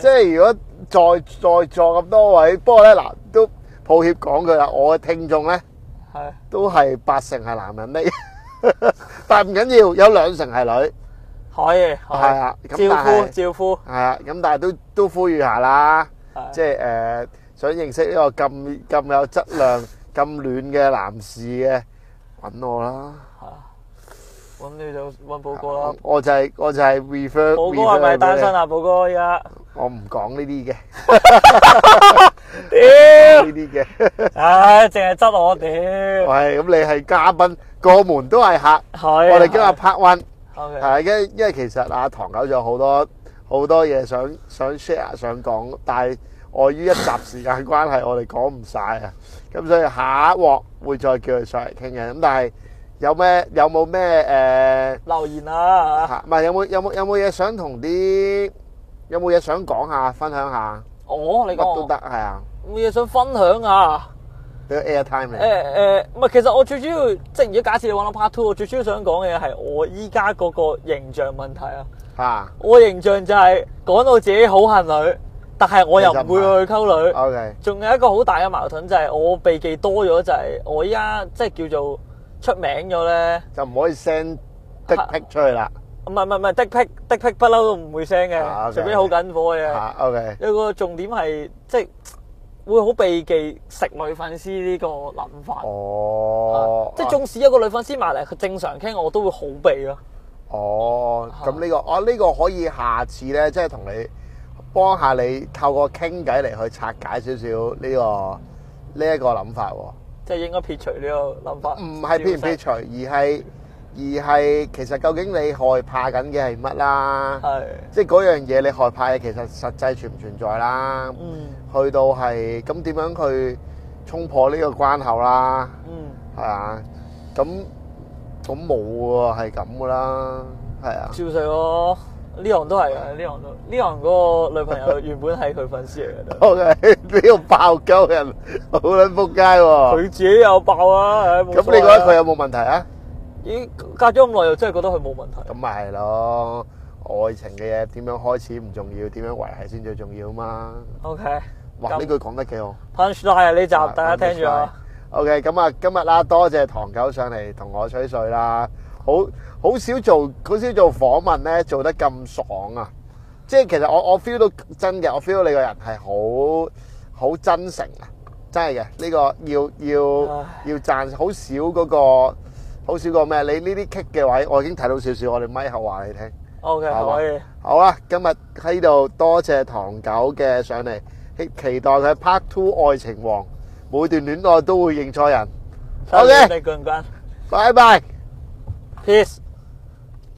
即係如果在在座咁多位，不過咧嗱都抱歉講句啦，我嘅聽眾咧都係八成係男人味，但係唔緊要，有兩成係女，可以係啊，咁但係招呼招呼係啊，咁但係都都呼籲下啦，即係誒想認識一個咁咁有質量、咁暖嘅男士嘅，揾我啦，咁你就揾寶哥啦，我就係我就係 refer，寶哥係咪單身啊？寶哥而家。我唔講呢啲嘅，屌呢啲嘅，唉，淨係執我屌。喂，咁你係嘉賓，過門都係客。係。我哋今日拍運。O K。係，因因為其實阿唐狗有好多好多嘢想想 share 想講，但係礙於一集時間關係，我哋講唔曬啊。咁所以下一鑊會再叫佢上嚟傾嘅。咁但係有咩有冇咩誒留言啊？嚇，唔係有冇有冇有冇嘢想同啲？有冇嘢想講下、分享下？Oh, 你講我你講乜都得係啊！冇嘢想分享下？啲 airtime 嚟，呃？誒誒，唔係，其實我最主要，即係如果假設你玩到 part two，我最主要想講嘅係我依家嗰個形象問題啊！吓，我形象就係、是、講到自己好恨女，但係我又唔會去溝女。O K，仲有一個好大嘅矛盾就係我避忌多咗，就係、是、我依家、就是、即係叫做出名咗咧，就唔可以 send 的 pics 出去啦。唔係唔係唔係，的辟的辟不嬲都唔會聲嘅，除非好緊火嘅。OK，有個重點係即係會好避忌食女粉絲呢個諗法。哦，即係縱使一個女粉絲埋嚟，佢正常傾我都會好避咯。哦，咁呢個啊，呢個可以下次咧，即係同你幫下你透過傾偈嚟去拆解少少呢個呢一個諗法喎。即係應該撇除呢個諗法，唔係撇唔撇除，而係。而係其實究竟你害怕緊嘅係乜啦？係即係嗰樣嘢你害怕嘅，其實實際存唔存在啦？嗯，去到係咁點樣去衝破呢個關口啦？嗯，係啊，咁咁冇喎，係咁噶啦，係啊。照常喎，呢行都係嘅，呢行都呢行嗰個女朋友原本係佢粉絲嚟嘅。O K，俾個爆鳩人，好撚撲街喎。佢自己又爆啊！咁你覺得佢有冇問題啊？咦，隔咗咁耐又真係覺得佢冇問題。咁咪係咯，愛情嘅嘢點樣開始唔重要，點樣維繫先最重要嘛。OK，哇呢、嗯、句講得幾好。Punchline 呢集、啊、大家聽住 OK，咁啊今日啦，多謝唐狗上嚟同我吹水啦。好好少做，好少做訪問咧，做得咁爽啊！即係其實我我 feel 到真嘅，我 feel 到你個人係好好真誠啊，真係嘅。呢、這個要要要賺好少嗰、那個。好少過咩？你呢啲 kick 嘅位，我已經睇到少少，我哋咪口話你聽。O、okay, K 可以。好啦，今日喺度多謝唐狗嘅上嚟，期待佢 part two 愛情王，每段戀愛都會認錯人。O K，你冠軍。拜、okay, 拜，Peace。